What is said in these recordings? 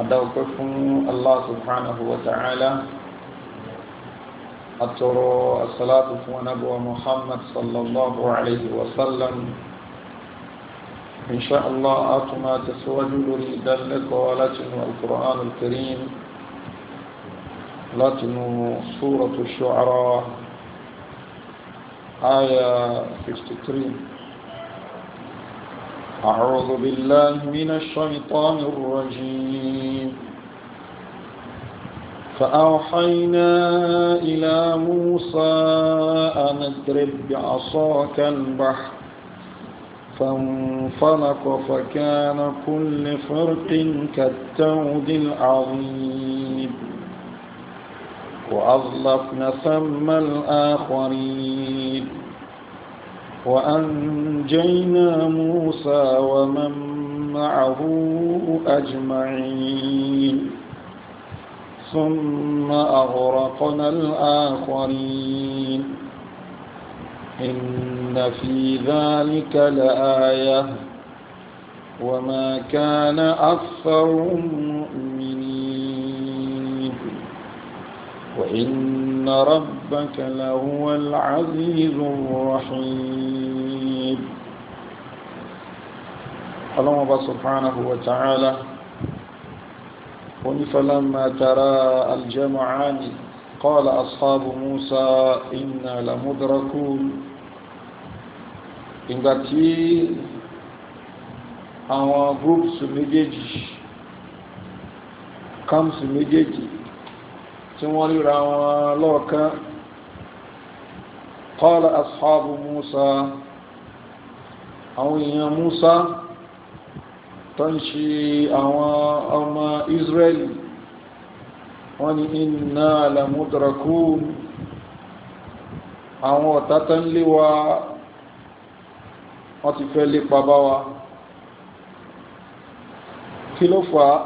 adáwọ̀pẹ́ fún Allah subhanahu wa ta'ala atọrọ asalatu fún anábọ̀ Muhammad sallallahu alayhi wa sallam إن شاء الله أتما تسوج لي ذلك ولتن القرآن الكريم لتن سورة الشعراء آية 53 أعوذ بالله من الشيطان الرجيم فأوحينا إلى موسى أن اضرب بعصاك البحر فانفلق فكان كل فرق كالتود العظيم وأظلفنا ثم الآخرين وأنجينا موسى ومن معه أجمعين ثم أغرقنا الآخرين إن في ذلك لآية وما كان أكثرهم وإن ربك لهو العزيز الرحيم اللهم سبحانه وتعالى فلما ترى الجمعان قال أصحاب موسى إنا لمدركون ìgbà tí àwọn groups méjèèjì camps méjèèjì tí wọ́n ríra wọn lọ́ọ̀kan qala ashabu Musa àwọn èèyàn Musa tó ń ṣe àwọn ọmọ Israeli wọ́n ní inna lamudrakun àwọn ọ̀tá tó ń lé wa wọ́n ti fẹ́ lépa bá wa kí ló fà á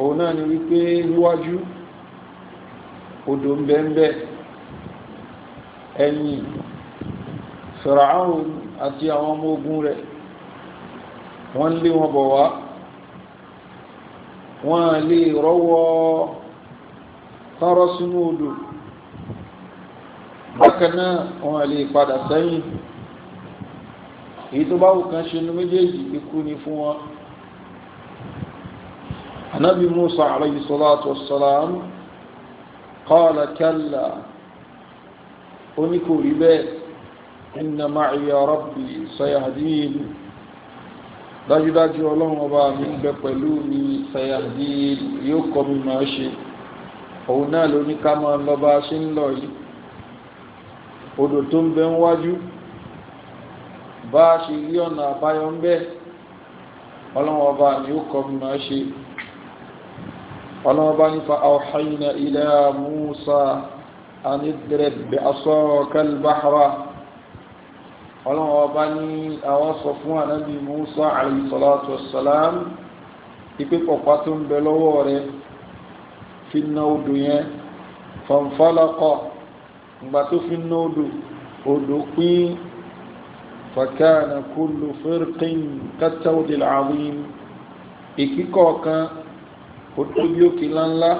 òun náà ni wípé níwájú odò ń bẹ ń bẹ ẹ̀yìn Fìràáhùn àti àwọn ọmọ ogun rẹ̀ wọ́n lé wọn bọ̀ wá wọ́n lè rọ́wọ́ tọ́rọ́ sínú odò bákan náà wọ́n lè padà sẹ́yìn èyí tó bá wù kan ṣe nu méjèèjì ikú ni fún wọn anábì Musa alayhi salatu wassalam qala kalla ó ní kò rí bẹ́ẹ̀ inna ma'iya rabbi sayahdin dájúdájú ọlọ́run ọba mi ń bẹ pẹ̀lú mi sayahdin yóò kọ́ mi máa ṣe òun náà ló ní ká máa lọ bá a ṣe ń lọ yìí odò tó ń bẹ ń wájú bá a ṣe rí ọ̀nà àbáyọ ń bẹ ọlọ́run ọba mi kọ́ mi máa ṣe ọlọ́ọ̀bá ní fa awhayna ila Musa anidrib bi asaka al-bahra ọlọ́ọ̀bá ní àwọn sọ fún ànábì Musa alayhi salatu wassalam ipe pọ̀pá tó ń bẹ lọ́wọ́ rẹ̀ fi ná odò yẹn fanfalaqa ìgbà tó fi ná odò odò pín fakana kullu firqin kattawdil azim ìkíkọ̀ọ̀kan ó tóbi òkè ńláńlá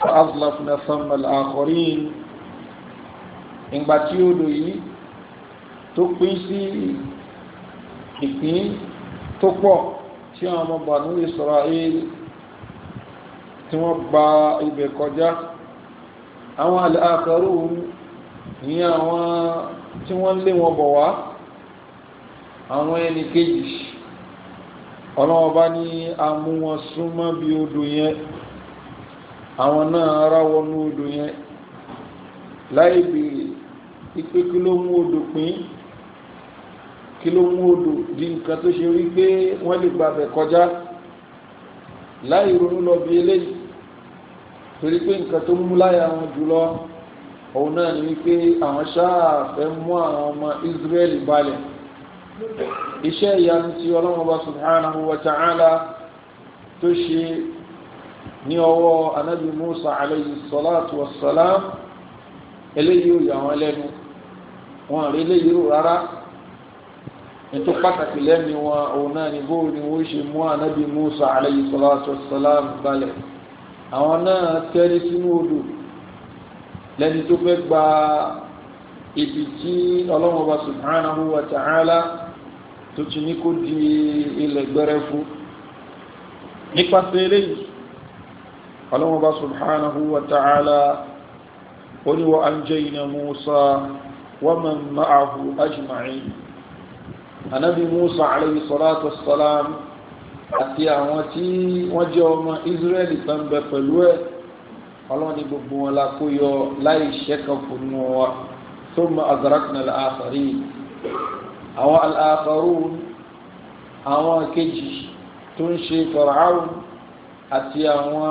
fàázlàfínà sàmàl àkọrin ìgbà tí odò yìí tó pín sí ìpín tó pọ̀ tí àwọn ọmọ bànú Israel tí wọ́n gba ibẹ̀ kọjá àwọn àkọrò ní àwọn tí wọ́n lé wọn bọ̀ wá àwọn ẹnì kejì ọlọ́wọ́ bá ní amú wọn súnmọ́ bí odò yẹn àwọn náà ráwọ́ ní odò yẹn láì bèèrè ipé kí ló mú odò pín kí ló mú odò di nǹkan tó ṣe wípé wọ́n lè gbàbẹ̀ kọjá láì ronú lọ bí eléyìí torí pé nǹkan tó mú láyà wọn jùlọ òun náà ni wípé àwọn ṣáà fẹ́ mú àwọn ọmọ Israẹli balẹ̀ iṣẹ́ ìyanu tí ọlọ́run bá subhanahu wa ta'ala tó ṣe ní ọwọ́ anábì musa alayhi salatu wa salam eléyìí ò yà wọ́n lẹ́nu wọn rí eléyìí ò rárá ètò pàtàkì lẹ́nu wọn òun náà ni bóun ni wọ́n ṣe mú anábì musa alayhi salatu wa salam balẹ̀ àwọn náà tẹ́rí sínú odò lẹ́ni tó fẹ́ gba ibi tí ọlọ́run bá subhanahu wa ta'ala tó ti ní kó di ilẹ̀ gbẹrẹfu nípasẹ̀ eléyìí ọlọ́mọba subhanahu wa ta'ala ó ní wa anjayna Musa wa man ma'ahu ajma'in anabi Musa alayhi salatu wassalam àti àwọn tí wọ́n jẹ́ ọmọ Israẹli tán pẹ̀lú ẹ̀ ọlọ́ni gbogbo wọn la láì ṣẹ́kàn fún wọn wa thumma azrakna al àwọn al-akharun àwọn kejì tó ń ṣe Fir'aun àti àwọn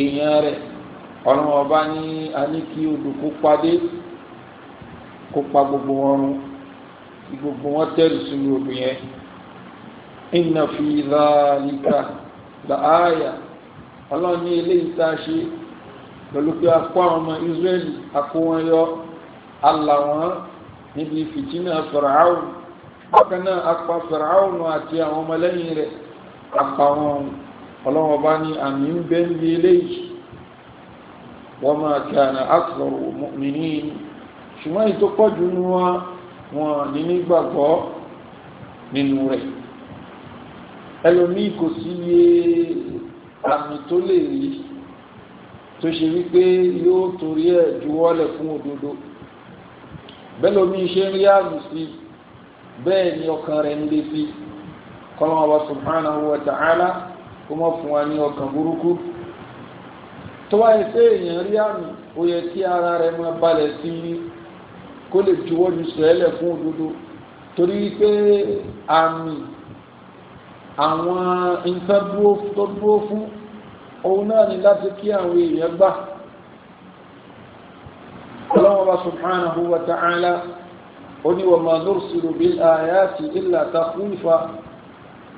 èèyàn rẹ̀ ọlọ́run ọba ní aníkí odò kó padé kó pa gbogbo wọn run gbogbo wọn tẹ̀lé sínú odò yẹn inna fi dhalika la aya ọlọ́run ní eléyìí tá a ṣe pẹ̀lú pé a kó àwọn ọmọ Israẹli a kó wọn yọ Allah níbi fìtínà fìràáhùn bákan náà apá fìràáhùn àti àwọn ọmọlẹ́yìn rẹ̀ apá wọn ọlọ́wọ́n bá ní àmì ń bẹ́ ń bí eléyìí wọ́n máa kí àná àkọrò mìíní ṣùgbọ́n èyí tó pọ̀jù ní wọn wọn ní nígbàgbọ́ nínú rẹ̀ ẹlòmíì kò sí iye àmì tó lè rí tó ṣe wípé yóò torí ẹ̀ juwọ́lẹ̀ fún òdodo bẹ́ẹ̀ lómi ṣe ń rí àrù sí bẹ́ẹ̀ ni ọkàn rẹ̀ ń lé sí kọ́lọ́mọ wa subhanahu wa ta'ala kó mọ̀ fún wa ní ọkàn burúkú tó wá yẹ pé èèyàn rí àmì ó yẹ kí ara rẹ̀ máa balẹ̀ sí i kó lè juwọ́ ju sẹ́lẹ̀ fún òdodo torí pé àmì àwọn nǹkan dúró fún òun náà ni láti kí àwọn èèyàn gbà ọlọ́wọ́ bá subhanahu wa ta'ala ó ní wa ma nursilu bil ayati illa takhwifa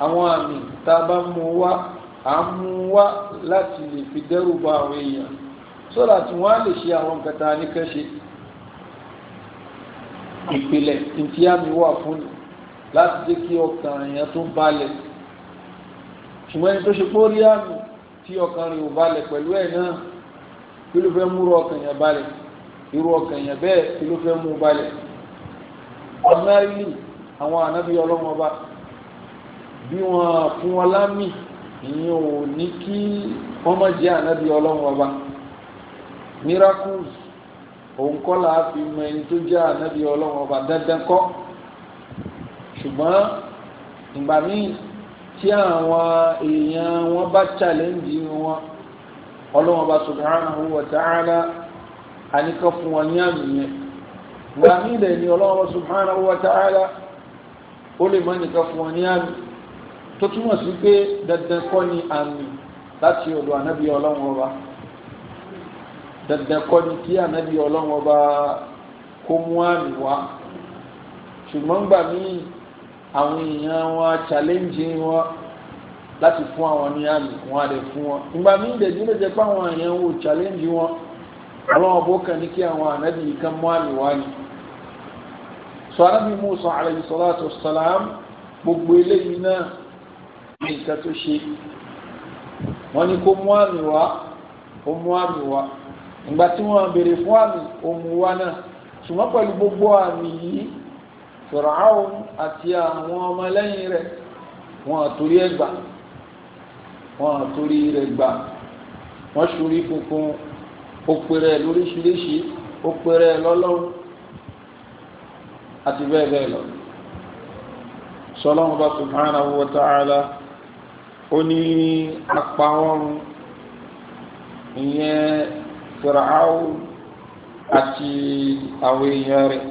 àwọn àmì tá a bá mú wá à ń mú wá láti lè fi dẹ́rù bá àwọn èèyàn sọ́dà tí wọ́n á lè ṣe àwọn nǹkan tá ní kẹ́ ṣe ìpìlẹ̀ ntí àmì wà fún láti jẹ́ kí ọkàn èèyàn tó balẹ̀ ṣùgbọ́n ẹni tó ṣe pé rí àmì tí ọkàn rẹ̀ ò balẹ̀ pẹ̀lú ẹ̀ náà kí ló fẹ́ múrò ọkàn èèyàn balẹ̀ irú ọkàn yẹn bẹ́ẹ̀ kí ló fẹ́ mú balẹ̀ ọ̀nà ilé àwọn ànábì ọlọ́wọ́n bá bí wọ́n fún wọn lámì ìyẹn ò ní kí wọ́n má jẹ́ ànábì ọlọ́wọ́n bá miracles òun kọ́ la fi mọ ẹni tó jẹ́ ànábì ọlọ́wọ́n dandan kọ́ ṣùgbọ́n ìgbà míì tí àwọn èèyàn wọn bá challenge wọn ọlọ́wọ́n bá subhanahu wa ta'ala àníkà fún wọn ní àmì yẹn wà ní ilẹ̀ ní ọlọ́run subhanahu wa ta'ala ó lè má nìkan fún wọn ní àmì tó túmọ̀ sí pé dandan kọ́ ni àmì láti ọ̀dọ̀ ànábì ọlọ́run ọba dandan kọ́ ni kí ànábì ọlọ́run ọba kó mú àmì wá ṣùgbọ́n gbà míì àwọn èèyàn wọn challenge wọn láti fún àwọn ní àmì wọn àdẹ fún wọn ìgbà míì dẹ̀ lè jẹ́ pé àwọn èèyàn wò challenge wọn ọlọ́wọ́n bó kàn ní kí àwọn ànábì kan mọ́ àmì wá ni sọ ànábì Musa alayhi salatu wassalam gbogbo eléyìí náà ní nǹkan tó ṣe wọ́n ní kó mú àmì wá ó mú àmì wá ìgbà tí wọ́n béèrè fún àmì ó wá náà ṣùgbọ́n pẹ̀lú gbogbo àmì yìí Fìràáhùn àti àwọn ọmọlẹ́yìn rẹ̀ wọ́n àtòrí ẹ̀ gbà wọ́n àtòrí rẹ̀ gbà wọ́n ṣorí kunkun. ó pèrè lóríṣiríṣi ó pèrè lọ́lọ́run àti bẹ́ẹ̀ bẹ́ẹ̀ lọ sọlọ́run bá wa ta'ala ó ní apá ọrùn ìyẹn ati àti àwọn èèyàn rẹ̀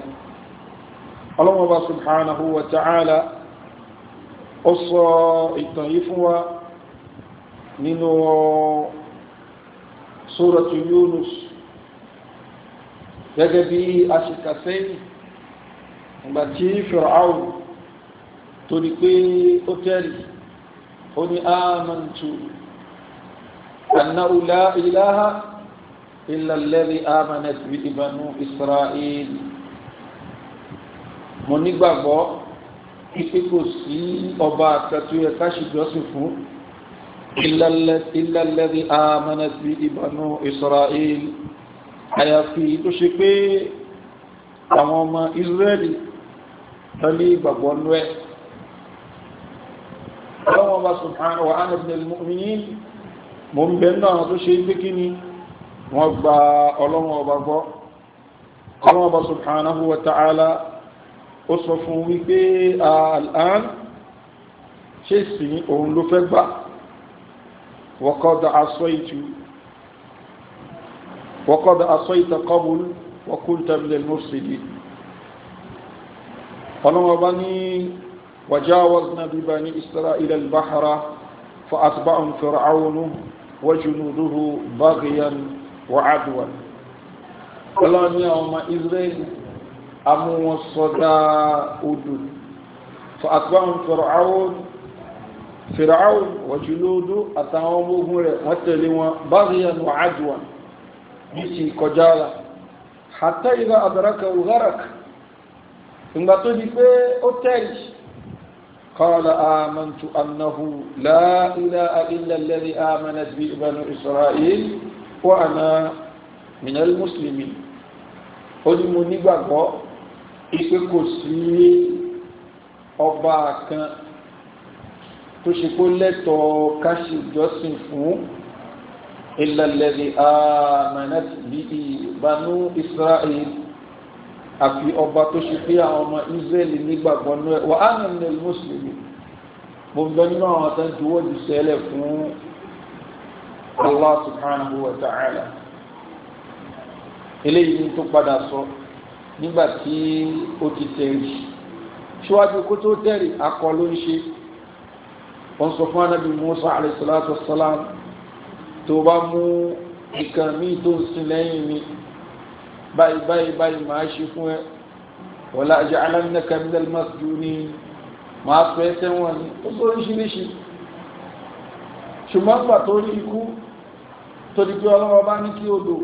ọlọ́run bá wa ta'ala ó sọ ìtàn yìí fún wa nínú Suratu Yunus gẹ́gẹ́ bí aṣèkà sẹ́yìn ìgbà tí Fir'aun tó ní pé ó tẹ́rì ó ní amantu annahu la ilaha illa alladhi amanat bihi banu Isra'il mo nígbàgbọ́ pípé kò sí ọba àkàtúyẹ káṣíjọ́sìn fún إلا الذي آمنت به بنو إسرائيل àyàfi tó ṣe pé àwọn ọmọ Israẹli lọ́lé ìgbàgbọ́ nú ẹ̀ ọlọ́wọ́ bá subhanahu wa ana ibn al-mu'minin mo ń bẹ náà tó ṣe pé kí ni wọ́n gba ọlọ́wọ́ ọba gbọ́ ọlọ́wọ́ bá subhanahu wa ta'ala ó sọ fún wípé àlán ṣe sí òun ló fẹ́ gbà وقد عصيت وقد عصيت قبل وكنت من المفسدين فلما بني وجاوزنا ببني إسرائيل البحر فأتبعهم فرعون وجنوده بغيا وعدوا ọlọ́run ní ọmọ israẹli amú wọn sọdá odò fìràáwò wàjúlódó àtàwọn ọmọ ogun rẹ̀ wọ́n tẹ̀lé wọn báyìí nù àjùwà bí ti kọjá la hàtà ìlà àdàràkà òháràkà ìgbà tó di pé ó tẹ̀lé قال آمنت أنه لا إله إلا الذي آمنت به بنو إسرائيل وأنا من المسلمين ó ní mo nígbàgbọ́ ìpé kò sí ọba kan tó ṣe kó lẹ́tọ̀ọ́ ká ṣe ìjọsìn fún illa alladhi amanat bihi banu israel àfi ọba tó ṣe pé àwọn ọmọ israel nígbàgbọ́ nú ẹ̀ wa ana minal muslimin mo ń bẹ nínú àwọn àtàǹtí wọ́n ti sẹ́lẹ̀ fún allah subhanahu wa ta'ala eléyìí tó padà sọ nígbà tí ó ti tẹ̀rí ṣíwájú kó tó tẹ̀rí akọ ló ń ṣe wọ́n sọ fún anábì musa alayhisalatu wasalam tó bá mú nǹkan míì tó ń sin lẹ́yìn mi báyìí báyìí báyìí máa ṣe fún ẹ wala aj'alannaka minal masjunin máa sọ ẹ́ sẹ́wọ̀n ni ó sọ oríṣiríṣi ṣùgbọ́n gbà tó rí ikú tó di pé ọlọ́wọ́ bá ní kí odò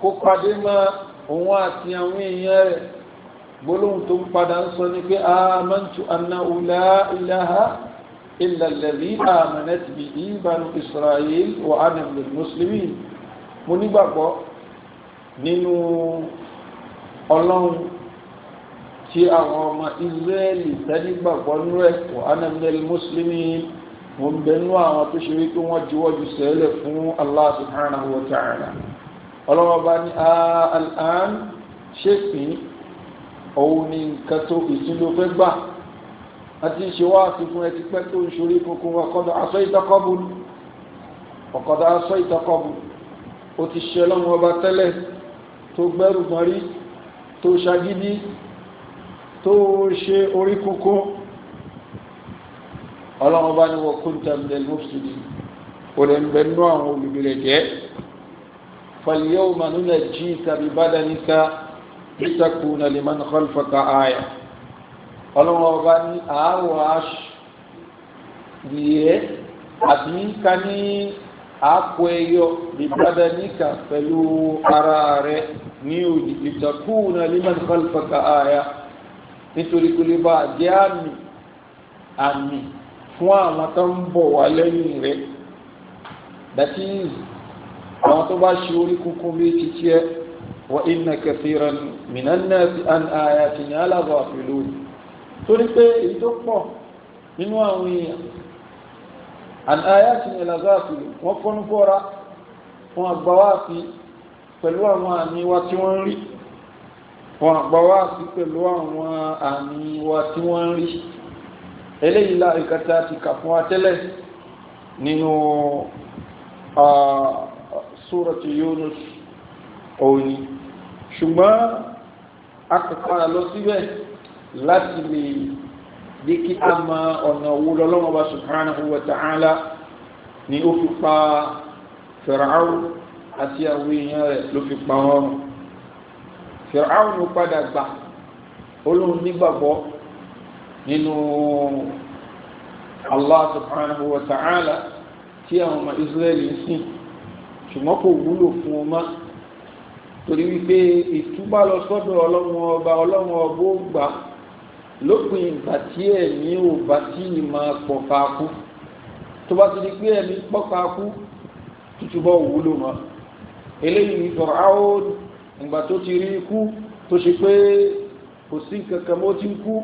kó padé mọ́ òun àti àwọn èèyàn rẹ̀ gbólóhùn tó ń padà ń sọ ni pé amantu anna la ilaha إلا الذي آمنت به بنو إسرائيل وأنا من المسلمين mo nígbàgbọ́ nínú ọlọ́run tí àwọn ọmọ Israẹli tẹ́nígbàgbọ́ nínú ẹ̀ wọ anamdel muslimi mo ń bẹ nínú àwọn tó ṣe wípé wọ́n juwọ́jú sẹ́lẹ̀ fún Allah subhanahu wa ta'ala ọlọ́run ọba ní al'an ṣèpín òun ni nǹkan tó ìtúlò fẹ́ gbà àti ṣe wá sí fún ẹ ti pẹ́ tó ń ṣorí kunkun ọkọ̀dọ̀ aṣọ ìtọ́kọ́bù ọkọ̀dọ̀ aṣọ ìtọ́kọ́bù ó ti ṣe lọ́wọ́ ọba tẹ́lẹ̀ tó gbẹ́rù gan rí tó ṣagídí tó ṣe orí kunkun ọlọ́run bá ní wọ́n kúńtà mílẹ̀ lọ́fṣìdì ó lè ń bẹ nú àwọn olùbílẹ̀ jẹ́ fàlíyàwó manúlẹ̀ jí tàbí bá dáníkà ìtàkùn nàlẹ́mánú kọ́lùfọ́kà áyà ọlọ́wọ́ ọba ní àáwọ̀ adìyẹ àti nǹkan ní àpò ẹyọ bìbádà níkà pẹ̀lú ara rẹ ní òdì ìtàkùnà liman khalfaka àyà nítorí kò lè bá jẹ́ àmì àmì fún àwọn tó ń bọ̀ wá lẹ́yìn rẹ̀ that is àwọn tó bá ṣe orí kúnkún bí títí ẹ wa inna kathiran minan nasi an ayatina la ghafilun torí pé èyí tó pọ̀ nínú àwọn èèyàn àti ayé àti ìlàzáàfì wọ́n fọ́nú fọ́ra wọn àgbáwáàfì pẹ̀lú àwọn àmì wa tí wọ́n ń rí wọn àgbáwáàfì pẹ̀lú àwọn àmì wa tí wọ́n ń rí eléyìí la ìkàtà ti kà fún wa tẹ́lẹ̀ nínú súrọ̀tì Yunus òní ṣùgbọ́n a kò síbẹ̀ láti lè dé kí a mọ ọ̀nà owó lọ́lọ́wọ́ bá subhanahu wa ta'ala ni ó fi pa Fir'aun àti àwọn èèyàn rẹ̀ ló fi pa wọn Fir'aun ló padà gbà olóhùn nígbàgbọ́ nínú Allah subhanahu wa ta'ala tí àwọn ọmọ Israẹli ń sìn ṣùgbọ́n kò wúlò fún wọn mọ́ torí wípé ìtúbà lọ sọ́dọ̀ ọlọ́run ọba ọlọ́run ọba gbà lópin ìgbà tí ẹ̀mí ò bá tí ì máa pọ̀ka kú tó bá ti di pé ẹ̀mí pọ̀ka kú tútù bọ́ wúlò mọ́ eléyìí Fáráò ìgbà tó ti rí ikú tó ṣe pé kò sí kankan mọ́ tí ń kú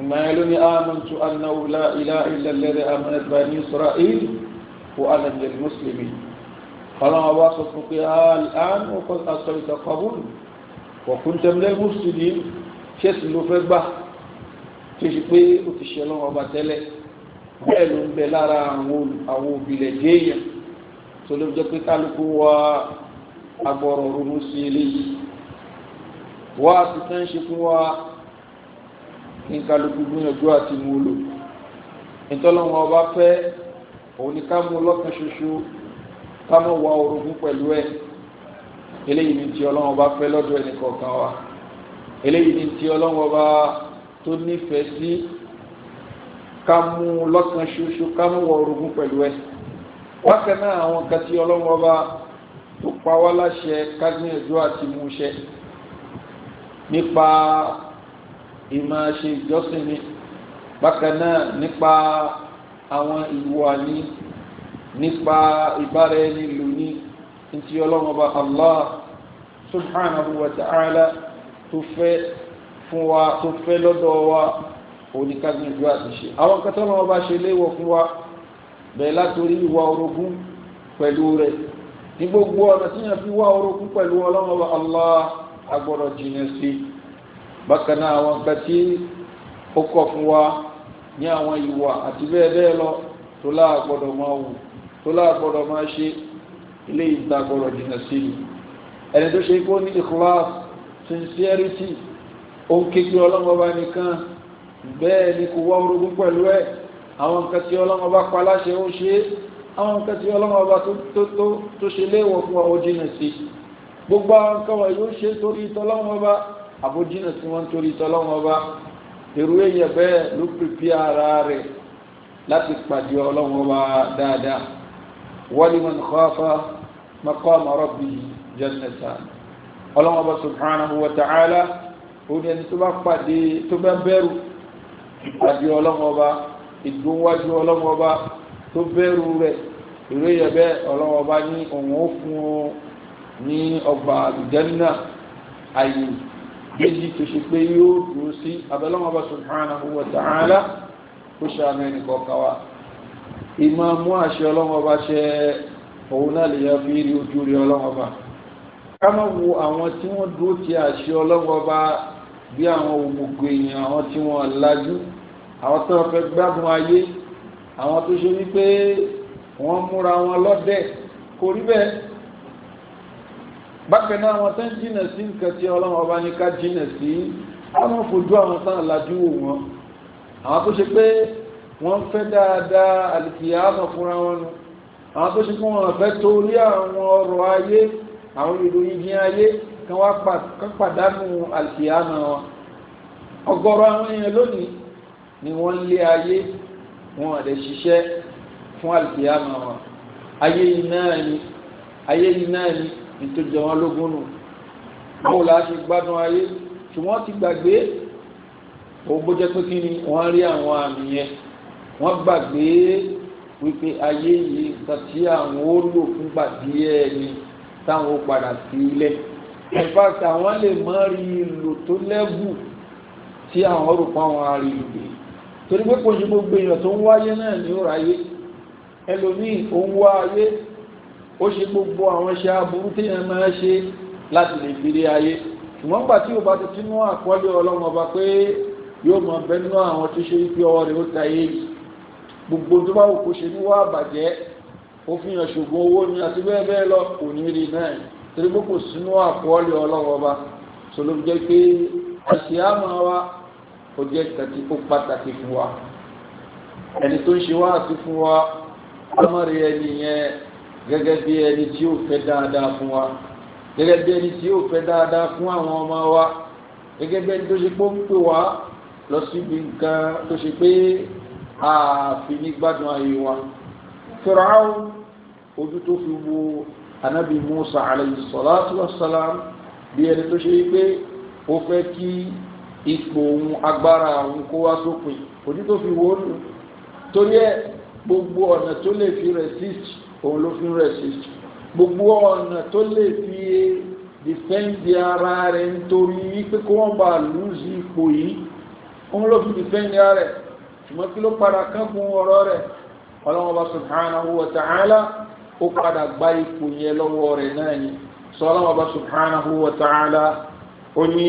ìgbà yẹn ló ní amantu annahu la ilaha illa alladhi amanat bani isra'il wa ana minal muslimin ọlọ́run ọba sọ fún pé àánú kọ́ àtọ̀ ìtàkọ́bùn ṣé sì ló fẹ́ gbà tó ṣe pé ó ti ṣe lọ́wọ́ ọba tẹ́lẹ̀ bẹ́ẹ̀ ló ń bẹ lára àwọn òbílẹ̀ déèyàn tó ló jẹ́ pé kálukú wa agbọ̀rọ̀ ronú sí eléyìí wá ti tán ṣe fún wa kí n kálukú gbìyànjú àti mú lò ọba fẹ́ òun ni ká mú lọ́kàn ṣoṣo ká mọ̀ wá orogún pẹ̀lú ẹ̀ eléyìí ni ti ọlọ́wọ́n ọba fẹ́ lọ́dọ̀ ẹnì kọ̀ọ̀kan wa eléyìí ni ti ọlọ́wọ́ bá tó nífẹ̀ẹ́ sí ká mú lọ́kàn ṣoṣo ká mú wọ orogún pẹ̀lú ẹ wákẹ́ náà àwọn kan tí ọlọ́wọ́ bá tó pa wá láṣẹ ká gbìyànjú àti mú ṣẹ nípa ìmọ̀ ṣe ìjọsìn mi bákan náà nípa àwọn ìwà ní nípa ìbára ẹni lò ní ntí ọlọ́wọ́ bá Allah subhanahu wa ta'ala tó fẹ́ fún wa tó fẹ́ lọ́dọ̀ wa oníkágbìnjú àti ṣe àwọn kan tọ́lọ́wọ́ bá ṣe léwọ̀ fún wa bẹ̀rẹ̀ látòrí ìwà orogún pẹ̀lú rẹ̀ ní gbogbo ọ̀nà tí yàn fi wá orogún pẹ̀lú ọlọ́mọba Allah agbọ́dọ̀ jìnà sí bákan náà àwọn kan tí ó kọ̀ fún wa ní àwọn ìwà àti bẹ́ẹ̀ bẹ́ẹ̀ lọ tó láàgbọ́dọ̀ máa wù tó láàgbọ́dọ̀ máa ṣe ilé ìta agbọ́dọ̀ sí ẹni tó ṣe kó ní ìkúláàsì sincerity òun kékeré ọlọ́mọba nìkan bẹ́ẹ̀ ni kò wá orogún pẹ̀lú ẹ̀ àwọn nǹkan tí ọlọ́mọba pa láṣẹ ó ṣe àwọn nǹkan tí ọlọ́mọba tó ṣe léèwọ̀ fún wa jìnà sí gbogbo àwọn nǹkan wọ̀nyí yóò ṣe torí ìtọ́lọ́mọba àbójìnà sí wọn torí ìtọ́lọ́mọba èrú èèyàn bẹ́ẹ̀ ló pèpè ara rẹ̀ láti pàdé ọlọ́mọba dáadáa wọ́n ni wọn kọ́ afá maqama rabbi jannatan ọlọ́wọ́n bá subhanahu wa ta'ala òun ẹni tó bá pàdé tó bá bẹ̀rù ìpàdé ọlọ́wọ́n bá ìdúnwájú ọlọ́wọ́n bá tó bẹ̀rù rẹ̀ ìró yẹ bẹ́ẹ̀ ọlọ́wọ́n bá ní òun ó fún un ní ọgbà àlùjánnà àyè méjì tó ṣe pé yóò dúró sí abẹ́lọ́wọ́n subhanahu wa ta'ala ó ṣàmì ẹnì kọ̀ọ̀kan wa ìmọ̀ mú àṣẹ ọlọ́wọ́n ṣe òun náà lè yẹ fi rí ojú rí ọlọ́wọ́n kama má wo àwọn tí wọ́n dúró ti àṣẹ ọlọ́wọ́ bá bí àwọn òmùgọ̀ èèyàn àwọn tí wọ́n lajú àwọn tó fẹ́ gbádùn ayé àwọn tó ṣe wípé wọ́n múra wọn lọ́dẹ̀ kò rí bẹ́ẹ̀ bákan náà àwọn tó ń jìnà sí nǹkan tí ọlọ́wọ́ bá ní ká jìnà sí àwọn fojú àwọn tán lajú wò wọn àwọn tó ṣe pé wọ́n fẹ́ dáadáa àlìkìyà àmọ̀ fúnra wọn nu àwọn tó ṣe pé wọ́n fẹ́ torí àwọn ọrọ̀ ayé àwọn ìròyìn jí ayé kan wá pàdánù àlùkìyámà wọn ọ̀gọ̀rọ̀ àwọn èèyàn lónìí ni wọ́n ń lé ayé wọn àdẹ ṣiṣẹ́ fún àlùkìyámà wọn ayé yìí náà ni ayé yìí náà ni nítorí wọn lógún nù báwo la ṣe gbádùn ayé ṣùgbọ́n ti gbàgbé òun bó jẹ́ pé kí ni wọ́n rí àwọn àmì yẹn wọ́n gbàgbé wípé ayé yìí nǹkan tí àwọn ó lò fúngbà díẹ̀ ni táwọn ó padà sí ilẹ̀ ìfàkì àwọn lè mọ rí ìlò tó lẹ́bù tí àwọn ọ̀rọ̀ pa àwọn arí ìgbé torí pé kò ní gbogbo èèyàn tó ń wáyé náà ní ó ráyé ẹlòmíì ó ń wá ayé ó ṣe gbogbo àwọn iṣẹ́ aburú téèyàn máa ṣe láti lè fi rí ayé ṣùgbọ́n gbà tí o bá ti tún mọ́ àkọọ́lẹ̀ ọlọ́run ọba pé yóò mọ bẹ́ẹ̀ nínú àwọn tó ṣe wípé ọwọ́ rẹ̀ ó ta yé gbogbo tó bá wò kó ṣe ní wá àbàjẹ́ òfin ọ̀ṣùgbọ́n owó ni àti bẹ́ẹ̀ bẹ́ẹ̀ lọ kò ní rí náà torí pé kò sínú àkọọ́lẹ̀ ọlọ́wọ́ ọba tó ló jẹ́ pé àṣìámọ̀ wa ó jẹ́ kàtí ó pàtàkì fún wa ẹni tó ń ṣe wá àti fún wa ọmọrì ẹni yẹn gẹ́gẹ́ bí ẹni tí ó fẹ́ dáadáa fún wa gẹ́gẹ́ bí ẹni tí ó fẹ́ dáadáa fún àwọn ọmọ wa gẹ́gẹ́ bí ẹni tó ṣe pé ó ń pè wá lọ síbi nǹkan tó ṣe pé ààfin ní ayé wa fìràáwù ojú tó fi wo anábì musa alayhi salatu wassalam bí ẹni tó ṣe pé ó fẹ́ kí ipò òun agbára òun kó wá sópin ojú tó fi wo nù torí ẹ gbogbo ọ̀nà tó lè fi resist òun ló fi resist gbogbo ọ̀nà tó lè fi dìfẹ́ǹdì ara rẹ̀ nítorí wípé kó wọ́n bá lùzí ipò yìí òun ló fi dìfẹ́ǹdì ara rẹ̀ ṣùgbọ́n kí ló padà kán fún ọ̀rọ̀ rẹ̀ ọlọ́wọ́n bá subhanahu wa ta'ala ó padà gba ipò yẹn lọ́wọ́ rẹ̀ náà ni sọ ọlọ́wọ́n bá subhanahu wa ta'ala ó ní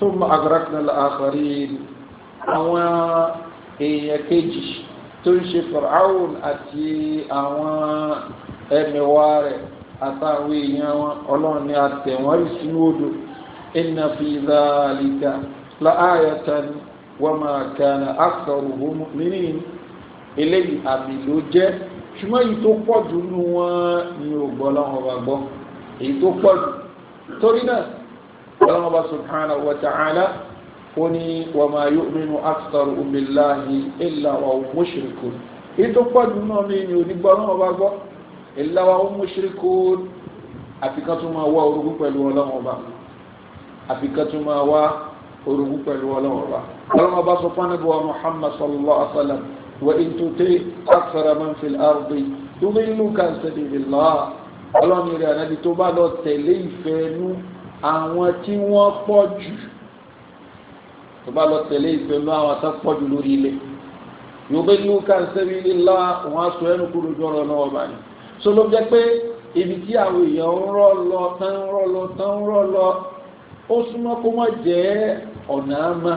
thumma aghraqna al-akharin àwọn èèyàn kejì tó ń ṣe Fir'aun àti àwọn ẹ̀mẹ̀wá rẹ̀ àtàwọn èèyàn wọn ọlọ́run ni àtẹ̀wọ́n rí sínú odò inna fi dhalika la'ayatan wa ma kana aktharuhum mu'minin eléyìí àmì ló jẹ́ ṣùgbọ́n èyí tó pọ̀ jù nínú wọn ni ò gbọ́ lọ́wọ́ bá gbọ́ èyí tó pọ̀ jù torí náà lọ́wọ́ bá subhanahu wa ta'ala ó ní wa ma yu'minu aktharuhum billahi illa wa hum mushrikun èyí tó pọ̀ jù náà ni ò ní gbọ́ gbọ́ illa wa hum mushrikun máa wá orogún pẹ̀lú ọlọ́wọ́ bá àfi kan máa wá orogún pẹ̀lú ọlọ́wọ́ bá ọlọ́wọ́ bá sọ fún anábọ̀ Muhammad sallallahu alaihi wa sallam وإن تطيع أكثر من في الأرض يضلوك عن سبيل الله ọlọ́run rẹ̀ ànábi tó bá lọ tẹ̀lé ìfẹ́ inú àwọn tí wọ́n pọ̀ jù tó bá lọ tẹ̀lé ìfẹ́ inú àwọn tó pọ̀ jù lórí ilẹ̀ yudilluka an sabilillah wọn aṣọ ẹnu kúrò jọ ọ̀rọ̀ náà ọba yìí so ló jẹ́ pé ibi tí àwọn èèyàn ń rọ́ lọ tán ń rọ́ lọ tán ń rọ́ lọ ó súnmọ́ kó má jẹ́ ọ̀nà àmà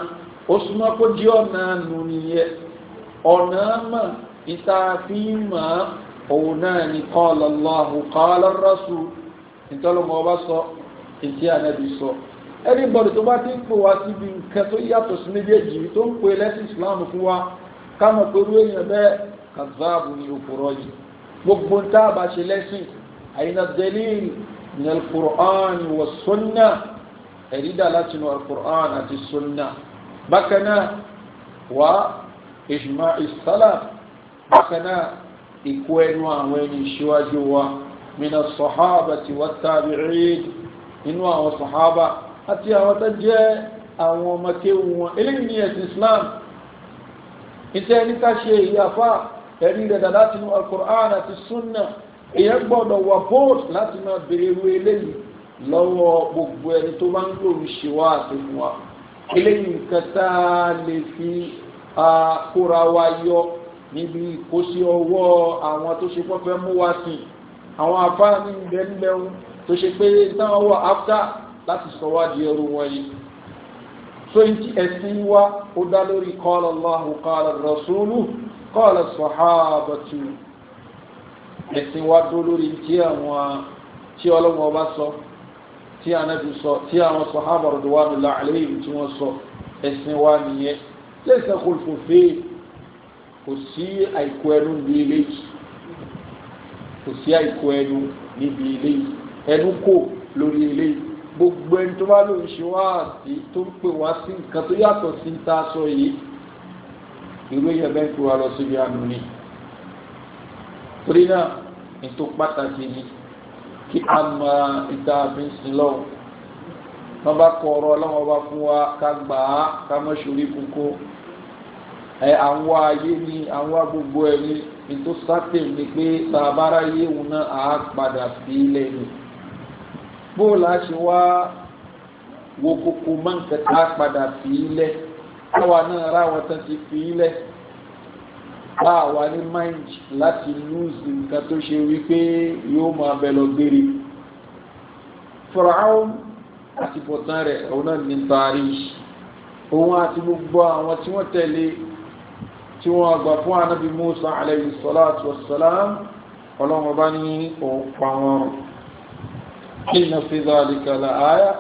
ó súnmọ́ kó jẹ́ ọ̀nà àánú nìyẹn ọ̀nà mọ̀ ìtàfíìmọ̀ òun náà ni qala Allahu qala ar-rasul ìtọ́lọ́mọ ọba sọ ètí ànábì sọ everybody tó bá ti ń pè wá síbi nǹkan tó yàtọ̀ sí méjèèjì tó ń pè lẹ́sìn Islam fún wa ká mọ̀ pé irú èèyàn bẹ́ẹ̀ kàzáàbù ni òpùrọ̀ yìí gbogbo ń tá a bá ṣe lẹ́sìn àyìnà dalil ní al wa sunna ẹ̀rí dà látinú al-Qur'an àti sunna bákan náà wàá ìṣùmá ìsálà bákan náà ìkó ẹnu àwọn ẹni ìṣíwájú wa mina sọ̀hábà tí wọ́n tàbí ríd nínú àwọn sọ̀hábà àti àwọn tó jẹ́ àwọn ọmọkéwu wọn eléyìí ní ẹ̀sìn Islam ìtẹ́ ẹni ká ṣe ìyàfá ẹ̀rí rẹ̀ láti inú al àti sunna èyẹ gbọ́dọ̀ wà bóòt láti máa bèrè irú eléyìí lọ́wọ́ gbogbo ẹni tó bá ń lòrù ṣe wá àti eléyìí nǹkan lè fi kóra wa yọ níbi ìkóṣe ọwọ́ àwọn tó ṣe fọ́fẹ́ mú wa sí àwọn afáàní ìbẹ́ńbẹ́hún tó ṣe pé táwọn wọ áfítà láti sọ wá di ẹrú wọn yìí so ìtì ẹ̀sìn wa ó dá lórí qala Allahu qala rasulu qala sahabatu ẹ̀sìn wa dó lórí tí àwọn tí ọlọ́wọ́ bá sọ tí ànábì sọ tí àwọn sọ̀hábà rọ̀dùwà tí wọ́n sọ ẹ̀sìn wa nìyẹn lẹ́sẹ̀ kò fòfé kò sí àìkú ẹnu ní ilé yìí kò sí àìkú ẹnu níbi ilé yìí ẹnu kò lórí ilé yìí gbogbo ẹni tó bá lò ń ṣe wá sí tó ń pè wá sí nǹkan tó yàtọ̀ sí ń ta aṣọ yìí irú èèyàn bẹ́ẹ̀ kó wa lọ síbi àánú ni torí náà ní pàtàkì ni kí a máa ìta àfihàn sí lọ́wọ́ wọn bá kọ ọ̀rọ̀ Ọlọ́run ọba fún wa ká gbà á ká mọ sórí kókó ẹ àwọn ayé ni àwọn gbogbo ẹ ní ètò sátẹm ni pé tàbára yéwu náà á padà sí ilé ni bóòlù á ṣe wá wo kókó máa ń kẹta á padà sí ilé káwa náà ráwọn tán ti fi ilé bá àwa ní mind láti lose nǹkan tó ṣe wípé yóò máa bẹ lọ gbére. Fọ̀rọ̀ àwọn àti bọ̀tán rẹ̀ òun náà ní taari òun àti gbogbo àwọn tí wọ́n tẹ̀lé tí wọ́n gbà fún anábì Musa alayhi salatu wassalam ọlọ́run bá ní òun pa wọn inna fi dhalika la aya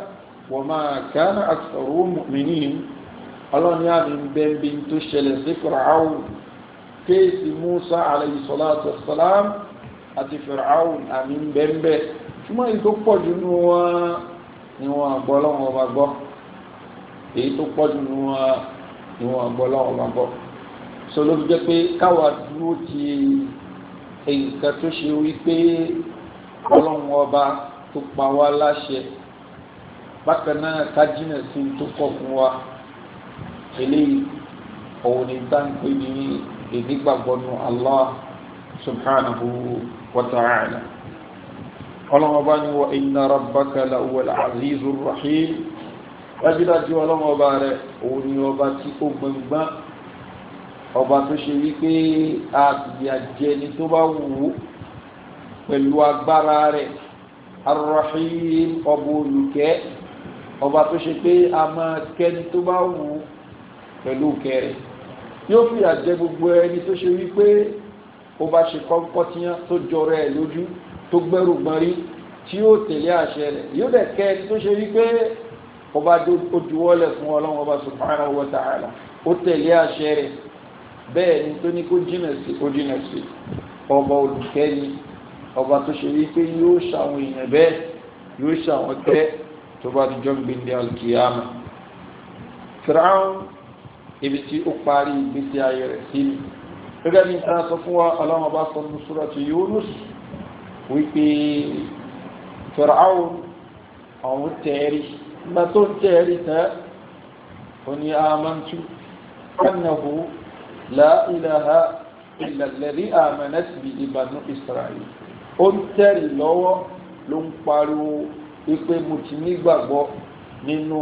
wa ma kana aktharuhum mu'minin ọlọ́run yá mi bẹ́ẹ̀ tó ṣẹlẹ̀ sí Fir'aun kéèsì Musa alayhi salatu wassalam àti Fir'aun àmì bẹ́ẹ̀ bẹ́ẹ̀ ṣùgbọ́n ìtò pọ̀ jù nù wọn ni wọ́n àgbọ́ lọ́wọ́ ọba gbọ́ èyí tó pọ̀jù ni wọ́n ni wọ́n àgbọ́ lọ́wọ́ ọba gbọ́ so ló fi jẹ́ pé káwa dúró ti nǹkan tó ṣe wípé ọlọ́run ọba tó pa wá láṣẹ bákan náà ká sí tó kọ̀ fún wa eléyìí òun ni dáńpé ní ìdígbàgbọ́nu Allah subhanahu wa ta'ala ọlọ́mọba ni wọ inna rabbaka la huwal azizur rahim dájúdájú ọlọ́mọba rẹ̀ òun ni ọba tí ó gbọ̀ngbọ́n ọba tó ṣe wípé àbíyàjẹni tó bá wù ú pẹ̀lú agbára rẹ̀ arrahim ọba olùkẹ́ ọba tó ṣe pé a máa kẹ́ni tó bá wù pẹ̀lú kẹrẹ̀ yóò fi àjẹ gbogbo ẹni tó ṣe wípé ó bá ṣe kọ́ńkọ́ tó jọrọ ẹ̀ lójú tó gbẹ́rù gbọ́nrí tí yóò tẹ̀lé àṣẹ rẹ̀ yóò dẹ̀ kẹ́ ẹni tó ṣe wípé ọba ó juwọ́lẹ̀ fún ọlọ́run ọba subhanahu wa ta'ala ó tẹ̀lé àṣẹ rẹ̀ bẹ́ẹ̀ ni tó ní kó jìnà sí ó jìnà sí ọba olùkẹ́ni ọba tó ṣe wípé yóò ṣàwọn èèyàn bẹ́ẹ̀ yóò ṣàwọn tẹ́ tó bá ti jọ́ gbìndé alkiyama fìràún ibi tí ó parí ìgbésí ayé rẹ̀ sí ni gẹ́gẹ́ bí n sọ fún wa ọlọ́run ọba sọ nù suratu Yunus wípé fẹ̀rọ̀áwò ọ̀hún tẹ̀ẹ̀rí nígbà tó ń tẹ̀ẹ̀rí tán ó ní amantu annahu la ilaha illa alladhi amanat bihi banu israel ó ń tẹ̀ẹ̀rí lọ́wọ́ ló ń pariwo wípé mo ti nígbàgbọ́ nínú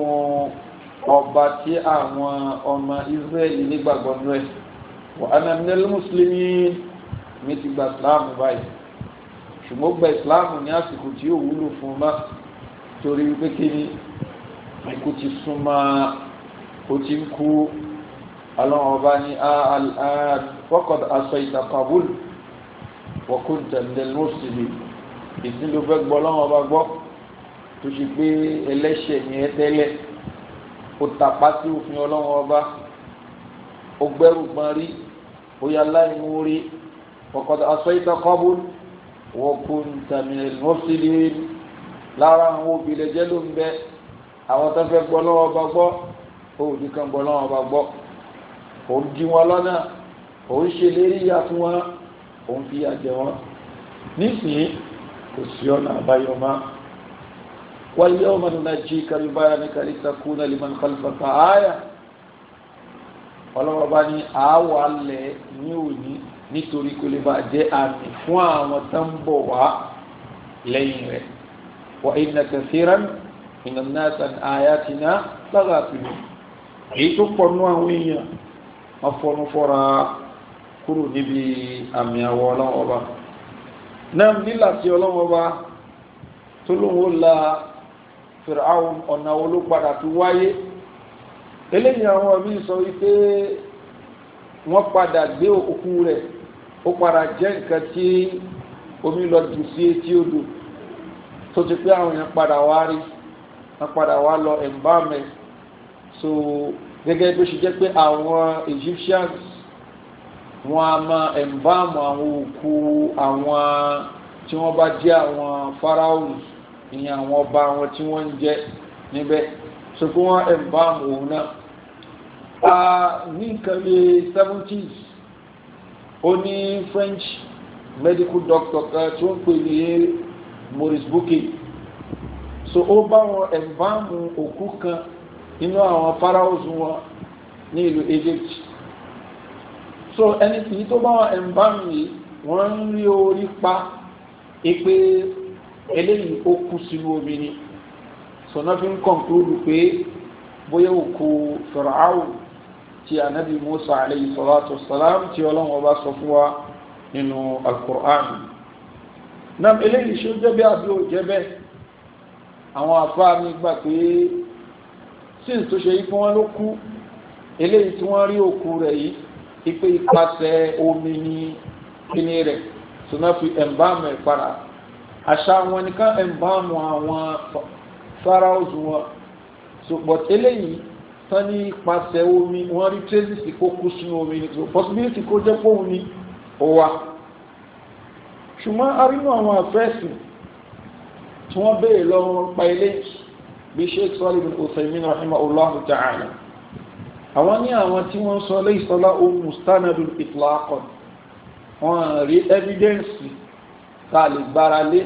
ọba tí àwọn ọmọ israẹli nígbàgbọ́ nú wà á nà mùsùlùmí mi ti gba islam báyìí ṣùgbọ́n gba ìsìláàmù ní àsìkò tí yóò wúlò fún un bá torí wípé kí ni ikú ti súnmọ́ ó ti ń kú ọlọ́run ọba ní fọ́kọ̀dà aṣọ ìtàkàbùl wọ́kùn tẹ̀lẹ́lẹ́ mọ́sílì ìsìn ló fẹ́ gbọ́ ọlọ́run ọba gbọ́ tó ṣe pé ẹlẹ́ṣẹ̀ ní ẹ tẹ́lẹ̀ ó tàpá sí òfin ọlọ́run ọba ó gbẹ́rù gbọ́n rí ó yà láì mú rí fọ́kọ̀dà aṣọ ìtàkàbùl. وكنت من المرسلين lára àwọn obìnrin jẹ́ ló ń bẹ àwọn tó fẹ́ gbọ́ lọ́wọ́ bá gbọ́ òòdì kan gbọ́ lọ́wọ́ bá gbọ́ òun di wọn lọ́nà òun ṣe lérí ìyà fún wọn òun fi ìyà jẹ wọn nísìnyí kò sí ọ̀nà àbáyọ máa wal yawma nunajjika bi badanika litakuna liman khalfaka àáyà ọlọ́wọ́ bá ní àáwọ̀ alẹ̀ ní òní nítorí kò lè bá jẹ́ àmì fún àwọn tó ń bọ̀ wá lẹ́yìn rẹ̀ wà inna kathiran minan nas an ayatina laghafilun èyí tó pọnú àwọn èèyàn wọn fọnú fọra kúrò níbi àmì àwọ ọlọ́wọ́n ọba náà nílà tí ọlọ́wọ́n ọba tó lóun ó la fìràwọn ọ̀nà olópadà tó wáyé eléyìí àwọn ọmọ mi sọ wípé wọ́n padà gbé òkú rẹ̀ ó padà jẹ́ nǹkan tí omi lọ jù sí etí odò tó ti pé àwọn èèyàn padà wá rí wọ́n padà wá lọ embalming so gẹ́gẹ́ bó ṣe jẹ́ pé àwọn Egyptians wọ́n a máa embalm àwọn òkú àwọn tí wọ́n bá jẹ́ àwọn pharaohs ìyẹn àwọn ọba àwọn tí wọ́n ń jẹ níbẹ̀ so kí wọ́n embalm òun náà ní nǹkan bíi seventies ó French medical doctor kan tí wọ́n pè ní Maurice Bouquet so ó bá wọn ẹ̀bámu òkú kan nínú àwọn pharaohs wọn ní ìlú Egypt so ẹni tí tó bá wọn ẹ̀bámu yìí wọ́n ń rí orí pa ipe eléyìí ó kú sínú omi ni sọ̀nà fi ń kọ̀ǹkúrúdù pé bóyá òkú Fáráò ti anabi musa alayhi salatu salam tí ọlọ́run ọba sọ fún wa nínú alukur'an nam eléyìí ṣó jẹ́bẹ́ àbí ò jẹ́bẹ́ àwọn àfáà mi gbà pé síns tó ṣe yí pé wọ́n ló kú eléyìí tí wọ́n rí òkú rẹ̀ yìí ipe ipasẹ̀ omi ní kíní rẹ̀ sọ́nà fi ẹ̀ǹbáàmù ẹ̀ para àṣà wọn nìkan ẹ̀ǹbáàmù àwọn pharaohs wọn so but eléyìí tán ní pasẹ̀ omi wọ́n rí traces kó kú sínú omi ní tó possibility kó jẹ́ pòun ní ó wà ṣùgbọ́n arínú àwọn àfẹ́sìn tí wọ́n béèrè lọ́wọ́ pa ilé bí sheikh Salih bin Uthaymin rahimahullah ta'ala àwọn ní àwọn tí wọ́n sọ lé ìsọlá ohun mustanadul itlaqan wọ́n rí evidence tá a lè gbára lé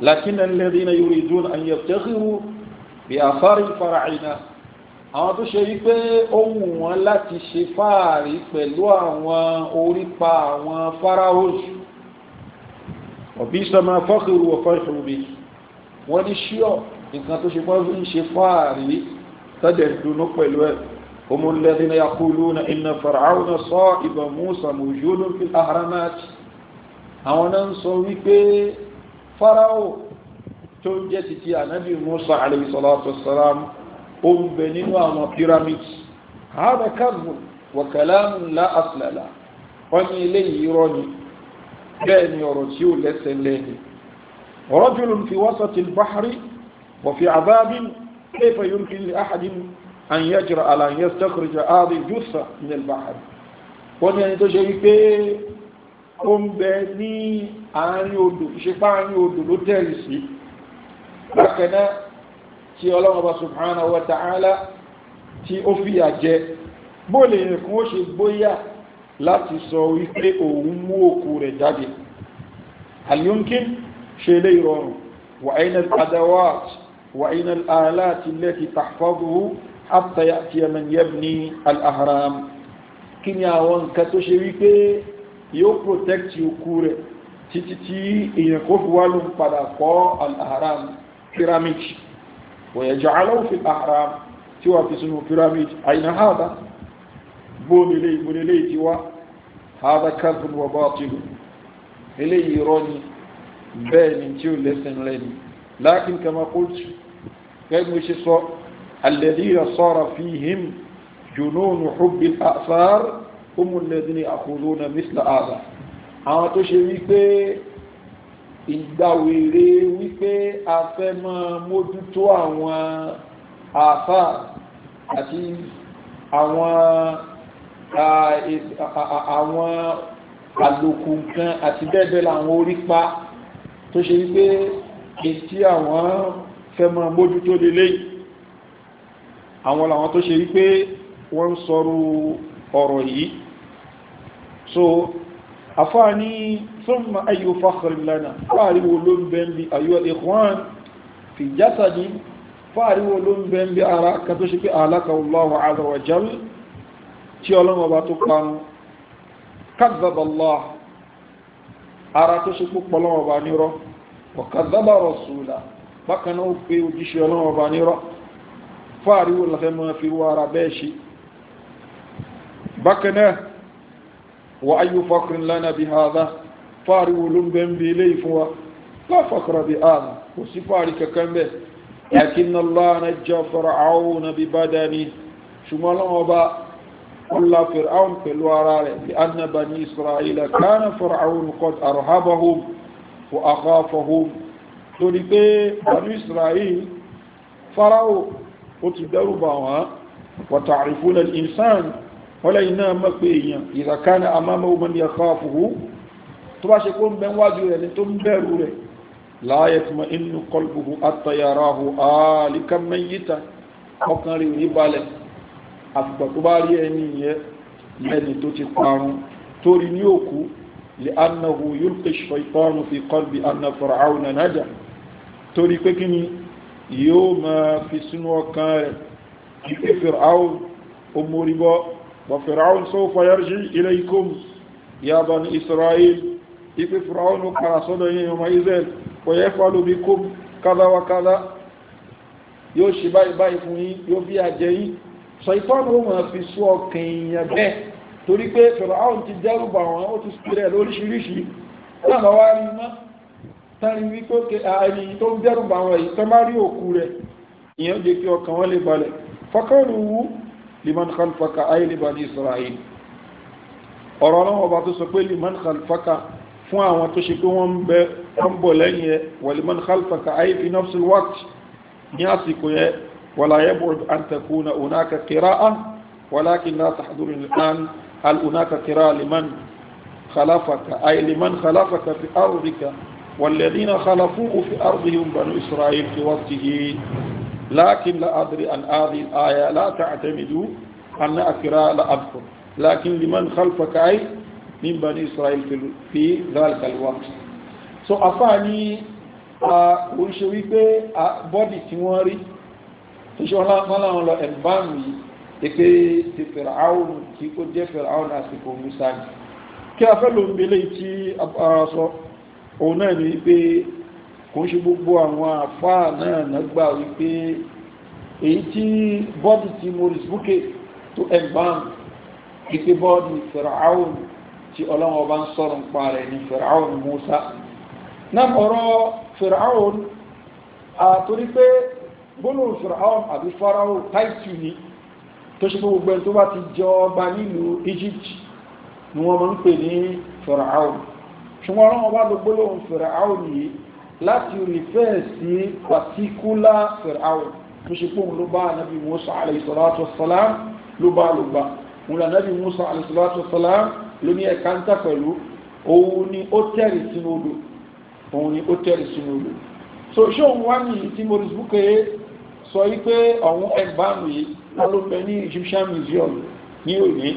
lakin alladhina yuridun an yabtaghiru bi athari al-fara'ina àwọn tó ṣe wípé ó wù wọ́n láti ṣe fáàrí pẹ̀lú àwọn orípa àwọn pharaohs ọ̀bí sọmọ fọ́kìrù ọ̀fọ́ ìṣòwòbí wọ́n ní ṣíọ̀ nǹkan tó ṣe pọ́n ń ṣe fáàrí tọ́jẹ̀ dùnú pẹ̀lú ẹ̀ هم الذين يقولون إن فرعون صائب موسى موجود في الأهرامات àwọn náà ń sọ wípé Fáráò tó ń jẹ́ títí ànábì Musa alayhi salatu wassalam ó ń bẹ nínú àwọn pyramids hada kadhbu wa kalamun la asla la wọ́n ní eléyìí irọ́ ni bẹ́ẹ̀ ni ọ̀rọ̀ tí ó lẹ́sẹ̀ lẹ́ni rajulun fi wasati al-bahri wa fi adabin kayfa yumkin li ahadin an yajra ala an yastakhrija adi jussa min wọ́n ní ẹni tó ṣe wípé ó ń bẹ ní àárín odò ìṣepá àárín odò ló tẹ̀lé sí bákan náà tí ọlọ́run ọba subhanahu wa ta'ala tí ó fìyà jẹ bó lè rìn kún ó ṣe gbóyà láti sọ wípé òun mú òkú rẹ̀ jáde alyunkin ṣe lè rọrùn wa aina al-adawat wa aina al-alat allati tahfazuhu hatta ya'ti man yabni al-ahram kí ni àwọn nǹkan tó ṣe wípé yóò protect òkú rẹ̀ títí tí èèyàn kó fi wá ló padà kọ́ al pyramid ويجعله في الأحرام توا في سنو بيراميد أين هذا بون لي بون لي توا هذا كذب وباطل إليه روني بين تيو لسن لني لكن كما قلت كيف مش الذين صار فيهم جنون حب الآثار هم الذين يأخذون مثل هذا أنا تشوي ìgbàwèrè wípé a fẹ́ máa mójútó àwọn àfà àti àwọn e, àwọn àlòkù nǹkan àti bẹ́ẹ̀bẹ́ẹ̀ làwọn orí pa tó ṣe wípé ètí àwọn fẹ́ máa mójútó lélẹ́yìí àwọn làwọn tó ṣe wípé wọ́n ń sọrú ọ̀rọ̀ yìí so afáà ní sọ́mà ayò fàkàrí lánàá fàáríwò ló ń bẹ́ ń bí ayò ìkwọ́n fi jásà ní fàáríwò ló ń bẹ́ ń bí ara kan tó ṣe pé àlákà Allahu azza wa jal tí ọlọ́wọ́ bá tó panu kàzàbà Allah ara tó ṣe pé pọlọ́wọ́ bá nírọ́ wà kàzàbà mọ́ fi wọ ara bẹ́ẹ̀ ṣe bákan وأي فقر لنا بهذا فارو لنبن بلي فوا لا فقر بهذا وسفارك كم به لكن الله نجى فرعون ببدنه شما لنبا الله فرعون في الورارة لأن بني إسرائيل كان فرعون قد أرهبهم وأخافهم torí pé banu israel farao ó ti wọ́n lẹ́yìn náà mọ́ pé èèyàn ìràkánà àmàmà ogun ni ẹ̀kọ́ àfòwò tó bá ṣe kó ń bẹ wájú rẹ̀ ní tó ń bẹ̀rù rẹ̀ láàyè tó mọ inú kọlùbùhù àtàyàráhù àlìkà mẹ́yìíta ọkàn rẹ̀ ní balẹ̀ àfìgbà tó bá rí ẹni yẹn lẹ́ni tó yóò máa fi sínú ọkàn rẹ̀ ìpè fir'aun ó mórí bọ́ وفرعون سوف يرجع إليكم يا بني إسرائيل إذ فرعون قرصنا يومئذ ويفعل بكم كذا وكذا yóò ṣe báyìí báyìí fún yín yóò bí àjẹ yín ṣàìtọ́nù ó máa fi sọ ọkàn èèyàn bẹ́ẹ̀ torí pé Fáráò ti dẹ́rùbà wọn ó ti sílẹ̀ lóríṣiríṣi náà bá wá rí iná tánrí wípé ẹni tó ń dẹ́rùbà wọn èyí tó bá rí òkú rẹ̀ ìyẹn jẹ́ kí ọkàn wọn lè balẹ̀ fọkànlù wú لمن خلفك أي لبني إسرائيل أرانه بعض سبيل لمن خلفك فوا وتشكوهم بأمبولين ولمن خلفك أي في نفس الوقت نياسك ولا يبعد أن تكون هناك قراءة ولكن لا تحضر الآن هل هناك قراءة لمن خلفك أي لمن خلفك في أرضك والذين خلفوه في أرضهم بنو إسرائيل في وقته لكن لا أدري أن هذه الآية لا تعتمد أن أكرا لا لكن لمن خلفك أي من بني إسرائيل في ذلك الوقت so afáàní oríṣi wípé bọ́dì tí wọ́n rí iṣẹ́ ọláwọn lọ ẹ̀bánu yìí èpè ti Fìràáùn kí ó jẹ́ Fìràáùn àsìkò Musa kí afẹ́ ló ń tí a sọ òun náà ní wípé kò ṣe gbogbo àwọn àfáà náà nàgbà wípé èyí tí bọ́dì tí Maurice Bouquet tó ẹ̀bán wípé bọ́dì Fir'aun tí ọlọ́wọ́ bá ń sọ̀rọ̀ ń pa rẹ̀ ní Fir'aun Musa náà ọ̀rọ̀ Fir'aun àtorí pé gbólóhùn Fir'aun àbí Farao táìtù ni tó ṣe gbogbo ẹni tó bá ti jẹ ọba nílùú Egypt ni wọ́n máa ń pè ní Fir'aun ṣùgbọ́n ọlọ́wọ́ bá lo gbólóhùn Fir'aun yìí láti onífẹ́ sí pàtíkúlá fẹ̀ráwọ̀ tó ṣe pé ló bá anábì musa alaihissalatu wassalam ló bá ló bá wọn anábì musa alaihissalatu wassalam ló ní ẹ̀ka ń tà pẹ̀lú òun ni ó tẹ̀rì sínú odò òun ni ó tẹ̀rì sínú odò so ṣé òun wá ní tí mo rí búkẹ́ sọ wípé ọ̀hún ẹ̀bánu yìí ló ní egyptian museum ní òní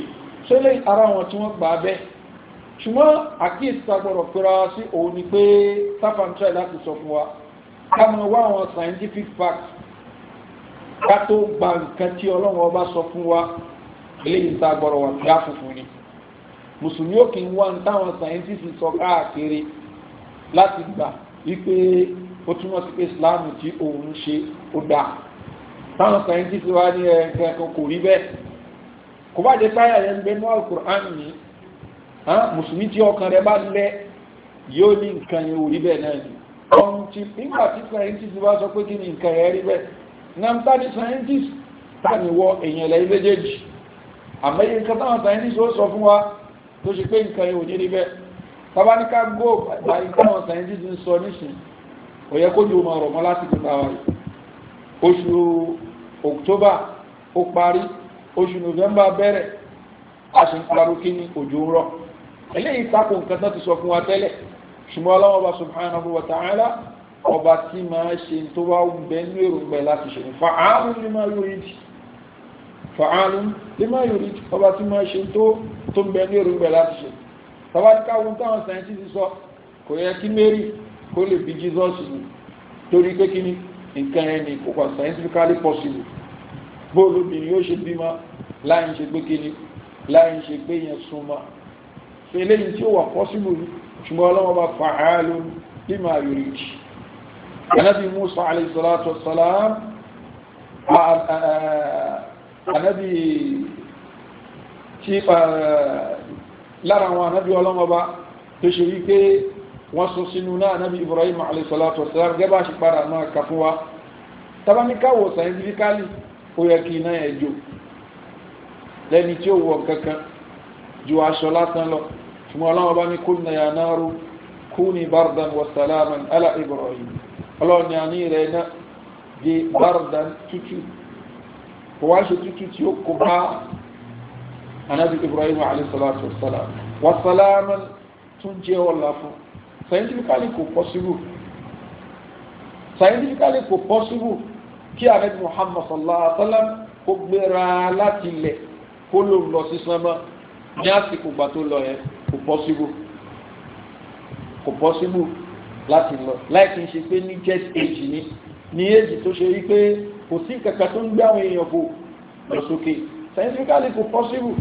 ṣé lè ara wọn tí wọ́n gbà bẹ́ẹ̀ ṣùgbọ́n àkíyèsí tá gbọ́dọ̀ pera sí òun ni pé sáfàǹtì láti sọ fún wa ká wá àwọn scientific facts ká tó gba nǹkan tí ọlọ́run ọba sọ fún wa eléyìí tá gbọ́dọ̀ wà dá funfun ni mùsùlùmí ò kì í wá ní táwọn scientists sọ káàkiri láti gbà wípé ó túmọ̀ sí pé Islam tí òun ṣe ó dáa táwọn scientists wá ní ẹ̀ẹ́dẹ́gbẹ̀kan kò rí bẹ́ẹ̀ kò bá jẹ́ táyà yẹn ń bẹ́ẹ̀ ní mùsùlùmí tí ọkàn rẹ̀ bá lẹ yóò ní nǹkan yẹn orí bẹ́ẹ̀ náà ni ọ̀hún ti nígbà tí scientist bá sọ pé kí ni nǹkan yẹn rí bẹ́ẹ̀ nàmta ni scientist ta ni wọ èèyàn ilẹ̀ méjèèjì àmọ́ iye nǹkan táwọn scientist ó sọ fún wa tó ṣe pé nǹkan yẹn ò ní rí bẹ́ẹ̀ tabaníká gbó báyìí táwọn scientist ń sọ nísìnyí ó yẹ kó ju ọmọ ọ̀rọ̀ mọ́ láti gbé wa oṣù October ó parí oṣù November bẹ̀rẹ̀ a ṣe ń parọ́ kí ni òjò ń rọ̀ eléyìí takò nǹkan náà ti sọ fún wa tẹ́lẹ̀ ṣùgbọ́n ọlọ́wọ́ bá subhanahu wa ta'ala ọba tí máa ṣe tó bá wù bẹ́ẹ̀ ní èròǹgbà láti ṣe fa'alun lima yurid fa'alun lima yurid ọba tí máa ṣe tó tó ń bẹ́ẹ̀ ní èròǹgbà láti ṣe tọ́ba tí káwọn táwọn sáyẹ́ntìsì sọ kò yẹ kí Mary kó lè bí Jesus ni torí pé kí ni nǹkan ẹ̀ ní kò kàn scientifically possible bóòlù obìnrin yóò ṣe bímọ láì ṣe pé kí ni láì ṣe pé yẹn súnmọ́ eléyìí tí ó wà pọ́síbù ní ṣùgbọ́n ọlọ́wọ́ bá fàáàlù lima yorùjì anábì musa aleyhisalatu wasalam anábì tí lára àwọn anábì ọlọ́wọ́ bá tó ṣe wípé wọ́n sọ sínú náà anábì ibrahim aleyhisalatu wasalam gẹ́bà ṣe padà náà kà fún wa tabaníkàwò scientifically ó yẹ kí iná ẹjọ́ lẹ́ni tí ó wọ kankan ju aṣọ lásán lọ ṣùgbọ́n ọlọ́wọ́ bá ní kulna ya naru kuni bardan wa salaman ala ibrahim ọlọ́wọ́ ni a ní rẹ̀ náà di bardan tútù kò wá ṣe tútù tí ó kò bá anabi ibrahim alayhi salatu wa salam wa salaman tún jẹ́ ọ̀la fún scientifically kò possible scientifically kò possible kí anabi muhammad sallallahu alayhi wa salam kó gbéra láti lẹ̀ kó ló lọ sí sánmọ́ ní àsìkò gbà tó lọ yẹn kò pọ́síbù kò pọ́síbù láti lọ láì kí n ṣe pé ní jet age ni ní èjì tó ṣe wípé kò sí kankan tó ń gbé àwọn èèyàn kò lọ sókè scientifically kò pọ́síbù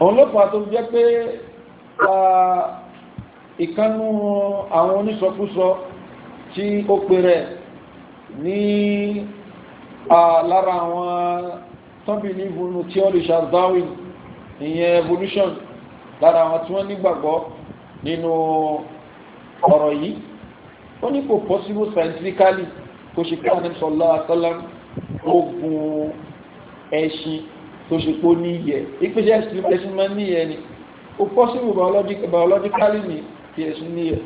òun ló fà tó jẹ́ pé ìkánú àwọn onísọkúsọ tí ó pè rẹ̀ ní lára àwọn tán believe nínú theory Charles Darwin ìyẹn evolution lára àwọn tí wọ́n nígbàgbọ́ nínú ọ̀rọ̀ yìí ó ní kò possible scientifically kò ṣe pé ànábì sallallahu alaihi wasallam ó gun ẹṣin tó ṣe pé ó ní ìyẹ́ ìpèsè ẹṣin máa ń ní ìyẹ́ ni kò possible biologically ni kí ẹṣin ní ìyẹ́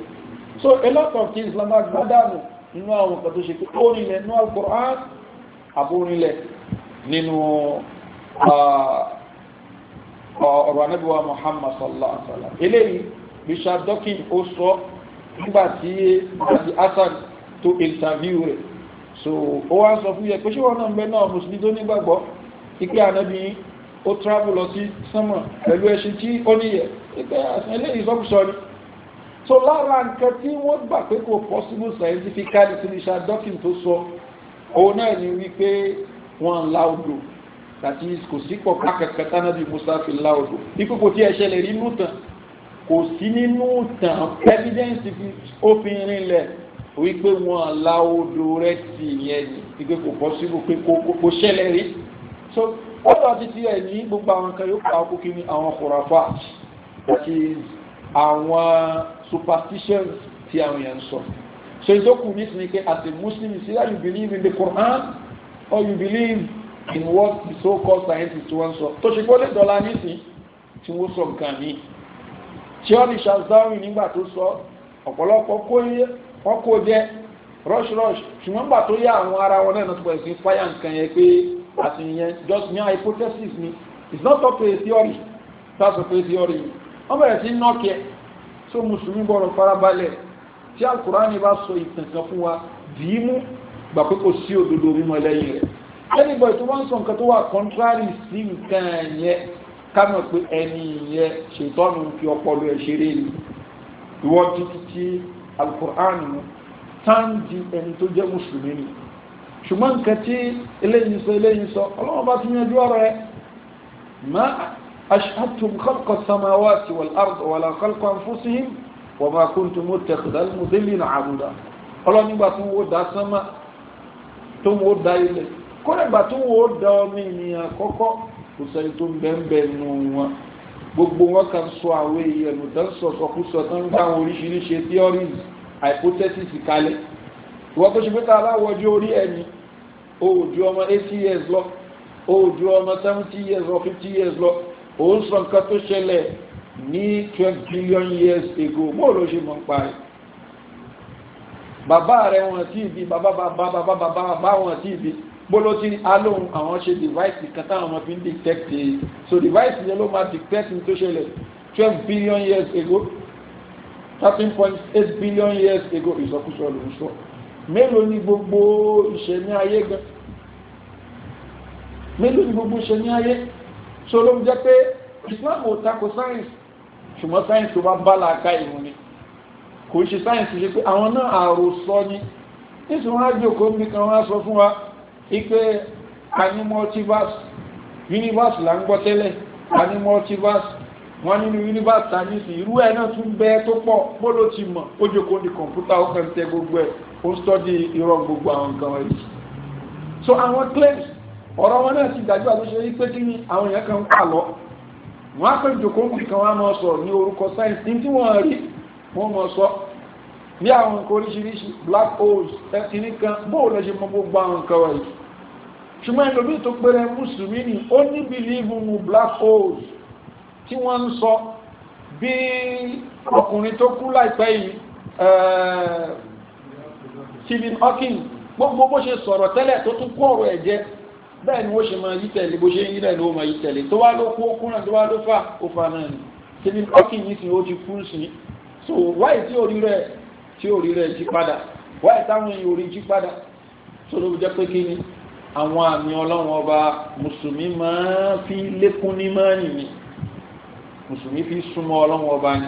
so a lot of things la máa gbádànù nínú àwọn nǹkan tó ṣe pé ó nílẹ̀ nínú Al-Qur'an àbórinlẹ̀ nínú uh, uh, ọ̀rọ̀ anábíwá Muhammad sallallahu alaihi wa sallam eléyìí Richard Dawkins ó sọ nígbà tí àti Hasan tó interview rẹ̀ so ó wá sọ fún yẹ pé ṣíwọ́n náà ń bẹ náà mùsùlùmí tó nígbàgbọ́ ike anábí ó travel lọ sí sánmà pẹ̀lú ẹṣin tí ó níyẹ ẹgbẹ́ àṣẹ eléyìí sọ́kùsọ so lára nǹkan tí wọ́n gbà pé kò possible scientifically tí Richard Dawkins tó sọ òun náà ni wípé wọn la odò tàbí kò sí pọ̀pá kankan tánàbí musa fi la odò ikú kò tí ẹ ṣẹlẹ̀ nínú tàn kò sí nínú tàn evidence fi ó fi rinlẹ̀ wípé wọn la odò rẹ tì yẹn ni wípé kò bọ́ sínú pé kò ṣẹlẹ̀ rí so ọ̀dọ̀ títí ẹ̀ ní gbogbo àwọn kan yóò pa ọkọ̀ kiri àwọn kòràfà àti àwọn superstitions tí àwọn yẹn sọ so ìjókòó ní sinmi pé as a muslim you say that you believe in the Quran or you believe in what the so-called scientists wọn sọ tó ṣe gbọ́dọ̀ dọ́là nísìn tí wọ́n sọ nǹkan mi tíọ́lì ṣàzáwìn nígbà tó sọ ọ̀pọ̀lọpọ̀ wọ́n kó jẹ́ rush rush ṣùgbọ́n gbà tó yá àwọn ara wọn náà tó bẹ̀rẹ̀ sí fire nǹkan yẹn pé àtìyẹn just ní hypothesis ni it's not up to a theory that's up to a theory wọ́n bẹ̀rẹ̀ sí knock ẹ̀ so mùsùlùmí gbọ́dọ̀ farabalẹ̀ tí alukurani bá sọ ìtàn kan fún wa dìímú gbà pé kò sí òdodo mímọ́ lẹ́yìn rẹ̀ ẹnìgbà tó wá ń sọ nǹkan tó wà kọ́ńtrárì sí nǹkan yẹn ká mọ̀ pé ẹni yẹn ṣètọ́nù fi ọpọlọ ẹ̀ ṣeré ni ìwọ títí tí alukur'an mu táǹdì ẹni tó jẹ́ mùsùlùmí ni ṣùgbọ́n nǹkan tí eléyìí sọ eléyìí sọ ọlọ́run bá ti yanjú ọ̀rọ̀ ẹ̀ má ashhadtum khalqa samawati wal ard wala khalqa anfusihim wa ma wọ́n dá sánmà tó ń wo da ilẹ̀ kọ́lẹ̀gbà tó ń wo da ọmọ ènìyàn kọ́kọ́ kò sẹ́ni tó ń bẹ́ẹ̀ nù wọn gbogbo wọn kan sọ àwọn èèyàn nù tán sọ sọkúsọ tán ń dáhùn oríṣiríṣi theories hypothesis kalẹ̀ wọ́n tó ṣe pé tá a orí ẹni o ò ju ọmọ eighty years lọ o ò ju ọmọ seventy years lọ fifty years lọ o ń sọ nǹkan tó ṣẹlẹ̀ ní twelve billion years ago mo ló ṣe mọ̀ ń parí bàbá rẹ wọn tí ibi bàbá bàbá bàbá bàbá wọn tí ibi bólótì alóhùn àwọn ṣe device kan táwọn ọmọ fi ń detect e so device yẹn ló máa detect ní tó ṣẹlẹ̀ twelve billion years ago thirteen point eight billion years ago ìsọkúsọ ló ń sọ mélòó ni gbogbo ìṣẹ̀ní ayé gan mélòó ni gbogbo ìṣẹ̀ní ayé so ló ń jẹ́ pé Islam ò takò science ṣùgbọ́n science tó bá ń bá làákà ìmú kò ṣe sáyẹ̀nsì ṣe pé àwọn náà àròsọ ní nítorí wọ́n á jòkó mi kan wọ́n sọ fún wa ipe ani universe là ń gbọ́ tẹ́lẹ̀ ani multiverse nínú universe ta ní sí irú ẹ̀ náà tún bẹ́ẹ̀ tó pọ̀ bóló ti mọ̀ ó ní gbogbo ẹ̀ ó ń gbogbo àwọn nǹkan so àwọn claims ọ̀rọ̀ wọn náà ti dájú àtúnṣe yìí kí ni àwọn èèyàn kan wọn á ní orúkọ ní tí wọ́n mọ̀ sọ bí àwọn nǹkan oríṣiríṣi black holes ẹ̀kìní kan bóò lè ṣe gbogbo àwọn nǹkan wọ̀nyí ṣùgbọ́n ẹlòmíì tó péré mùsùlùmí ni ó ní bìlíìfù mu black holes tí wọ́n ń sọ bí ọkùnrin tó kú láìpẹ́ yìí eh, Stephen Hawking gbogbo bó ṣe sọ̀rọ̀ tẹ́lẹ̀ tó tún kó ọ̀rọ̀ ẹ̀ bẹ́ẹ̀ ni ó ṣe máa yí tẹ̀lé bó ṣe ń yí náà ló máa yí tẹ̀lé tó wá ló kú ó kú náà tó wá ló fà ó fà náà ni Stephen Hawking yìí sì ó ti kú sí so why tí orí rẹ̀ tí orí rẹ̀ jí padà Why táwọn èèyàn orí jí padà tó ló jẹ́ pé kí ni àwọn àmì ọlọ́run ọba fi lékún ní mọ́ọ̀nì ni mùsùlùmí fi súnmọ́ ọlọ́run ọba ni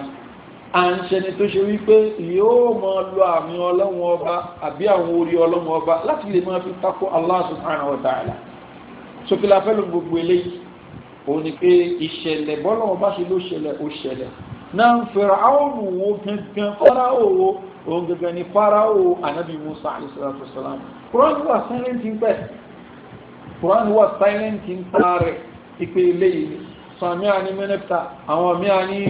à ń ṣẹni tó ṣe wípé yóò máa lo àmì ọlọ́run ọba àbí àwọn orí ọlọ́run ọba láti lè máa fi tako Allah subhanahu wa ta'ala So la fẹ́ ló gbogbo eléyìí òun ni pé ìṣẹ̀lẹ̀ bọ́lọ́run ọba ṣe ló ṣẹlẹ̀ ó ṣẹlẹ̀ náà fìràwọ̀nù wo gangan fáráwò wo òun gangan ni fáráwò anabi musa alayhisalatu wasalam quran wa silent in pẹ́ quran wa silent in sáré ìpè eléyìí sọ àmì àní mẹ́nẹ́pítà àwọn àmì àní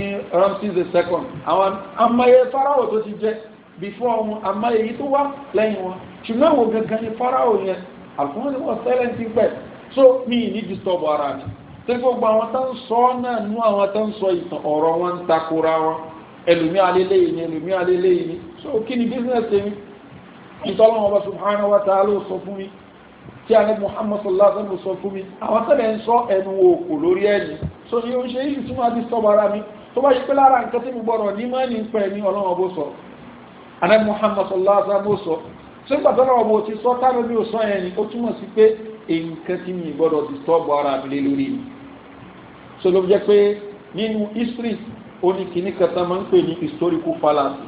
ramses the second àwọn amáyé fáráwò tó ti jẹ́ before wọn amáyé yìí tó wá lẹ́yìn wọn ṣùgbọ́n wo gangan ni fáráwò yẹn àlùfáà ni silent in pẹ́ so mi ní disturb ara mi tí gbogbo àwọn tó ń sọ náà nú àwọn tó ń sọ ìtàn ọ̀rọ̀ wọn ń takora wọn ẹlòmí alélé yìí ni ẹlòmí alélé yìí ni so kí ni bísíǹsì mi ìtọ́lọ́wọ́n bá subhanahu wa ta'ala sọ fún mi tí a ní muhammad sallallahu alaihi sallam sọ fún mi àwọn tẹ́lẹ̀ ń sọ ẹnu òkò lórí ẹni so ni ó ń ṣe yìí tí wọ́n á ti sọ bara mi tó bá yí pé lára nǹkan tí mo gbọ́dọ̀ ní máa ní pẹ́ ní ọlọ́wọ́n bó sọ àná muhammad sallallahu sallam sọ ṣé gbàtọ́ lọ́wọ́ bó ti sọ táwọn mi ò ni ó túmọ̀ sí pé nǹkan tí mi gbọ́dọ̀ ti sọ bọ́ ara so ló jẹ́ pé nínú history ó ní kíní kẹta máa ń pè ní historical fallacy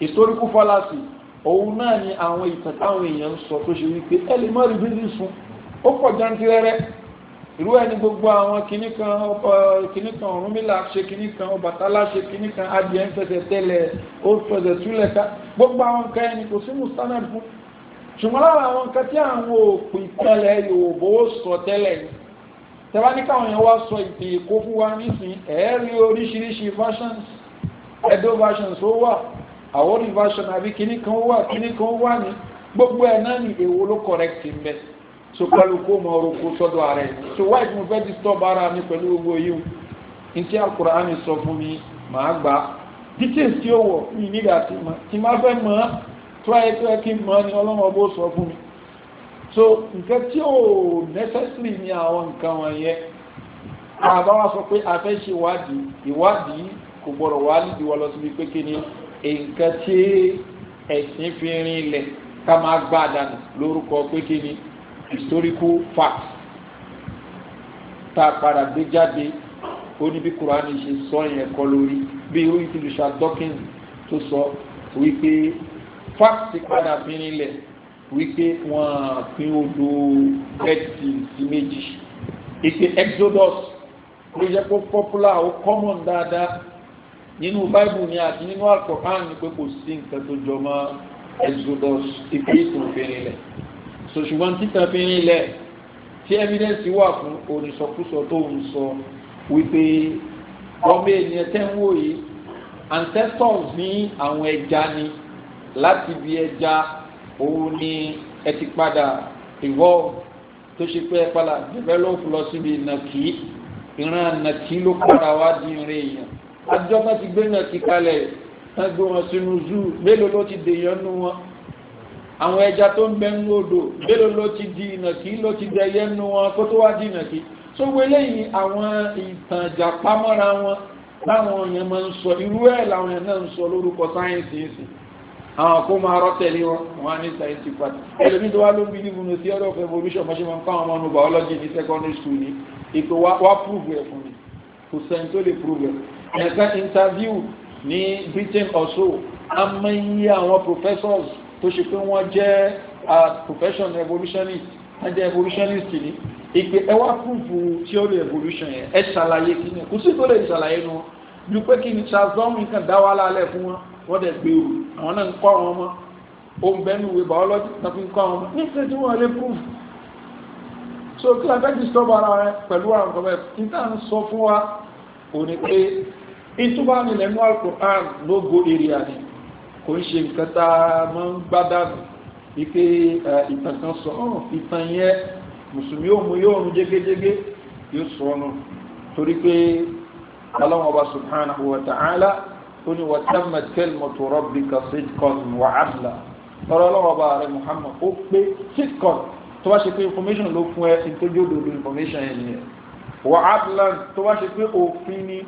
historical fallacy òun náà ni àwọn ìtàn táwọn èèyàn ń sọ tó ṣe wípé ẹ lè má rí bíbí sùn ó pọ̀ jantirẹrẹ irú ẹni gbogbo àwọn kìnnì kan ọba kìnnì kan Ọ̀rúnmìlà ṣe kìnnì kan Ọbàtálá ṣe kìnnì kan adìẹ ń fẹsẹ̀ tẹ́lẹ̀ ó fẹsẹ̀ túlẹ̀ ká gbogbo àwọn nǹkan ẹni kò sí mustanad fún ṣùgbọ́n lára àwọn nǹkan tí àwọn òpin tẹ́lẹ̀ Yorùbá sọ tẹ́lẹ̀ ni tẹ́wá ní káwọn yẹn wá sọ ìpè èkó fún wa nísìn ẹ̀ẹ́rí oríṣiríṣi versions edo versions ó wà àwòrán version àbí kíní kan wà kíní kan wà ní gbogbo ẹ̀ náà ní èwo ló correct ń bẹ so pẹ̀lú kó mọ orúkọ sọ́dọ̀ ara ẹ̀ so why mo fẹ́ disturb ara mi pẹ̀lú gbogbo yìí n tí Al-Qur'ani sọ fún mi màá gbà á details tí ó wọ̀ mi nígbà tí ma fẹ́ mọ̀ ọ́ tí wáyé tí wọ́n kí n mọ̀ ọ́ ni ọlọ́mọ bó so nǹkan tí ò necessary ni àwọn nǹkan wọ̀nyẹn àbá wa sọ pé a fẹ́ ṣe ìwádìí ìwádìí kò gbọ́dọ̀ wá nídi wa lọ síbi pé kí ni nǹkan tí ẹ̀sìn fi rin ilẹ̀ ká máa gbá dànù lórúkọ pé kí ni historical fact tá a padà gbé jáde ó ní bí kuraani ṣe sọ yẹn kọ lórí bí irú ìtìlùṣà Dawkins tó sọ wípé fact padà fi rin ilẹ̀ wípé wọ́n pín odò bẹ́ẹ̀tì sí méjì ìpè exodus ló jẹ́ pé popular ó common dáadáa nínú bible ni àti nínú alcohol ni pé kò sí nǹkan tó jọ mọ́ exodus ìpè ìtàn obìnrin lẹ̀ so ṣùgbọ́n títàn obìnrin lẹ̀ tí evidence wà fún onísọkúsọ tó ń sọ wípé ọmọ ènìyàn tẹ́ ń wò yìí ancestors ní àwọn ẹja ni láti bí ẹja òun ni ẹ ti padà evolve tó ṣe pé ẹ padà develop lọ síbi nàkí ìran nàkí ló padà wá di ìrìn èèyàn àjọ bá ti gbé nàkí kalẹ̀ wọ́n gbé wọn sínú zoo mélòó ló ti dèèyàn nú wọn àwọn ẹja tó ń bẹ ń lòdò mélòó ló ti di ìnàkí ló ti dẹyẹ nú wọn kó tó wá di ìnàkí tó wọlé yìí àwọn ìtànjà pamọ́ra wọn láwọn èèyàn máa ń sọ irú ẹ̀ làwọn èèyàn náà ń sọ lórúkọ sáyẹ́ǹsì ìsìn àwọn kó máa rọ́ tẹ̀lé wọn wọn á ní scientific part ẹlòmíín tó wá ló ń bí níbu ní theory of evolution bó ṣe máa ń kọ́ àwọn ọmọ biology ní secondary school ni ètò wá prove ẹ̀ fún mi kò sẹ́ni tó lè prove ẹ̀ ẹ̀ka interview ní Britain also a máa ń yí àwọn professors tó ṣe pé wọ́n jẹ́ profession evolutionist wọ́n jẹ́ evolutionist ni ìpè ẹ wá prove theory evolution yẹn ẹ ṣàlàyé kí ni kò sí tó lè ṣàlàyé nu ju pé kí ni Charles Darwin kan dá wàhálà alẹ́ fún wọn wọ́n dẹ̀ gbé òru. wọn náà ń kọ́ àwọn ọmọ ohun ìwé biology náà fi ń kọ́ àwọn ọmọ nífẹ̀ẹ́ tí so kí la fẹ́ ara rẹ pẹ̀lú àwọn níta ń sọ fún wa ò ní pé ìtúbà alukur'an ló go èrìà ni kò ń ṣe nǹkan tá a máa ń gbádànù wípé ìtàn kan sọ ọ̀rùn ìtàn yẹn mùsùlùmí ò mú yóò rún jégéjégé yóò sọ torí pé ó ní wà tammat kalimatu rabbika sidqan wà adla lọ́rọ́ lọ́wọ́ bá rẹ̀ Muhammad ó pé sidqan tó bá ṣe pé information ló fún ẹ ìtọ́jú òdodo information yẹn nìyẹn wà adla tó bá ṣe pé òfin ni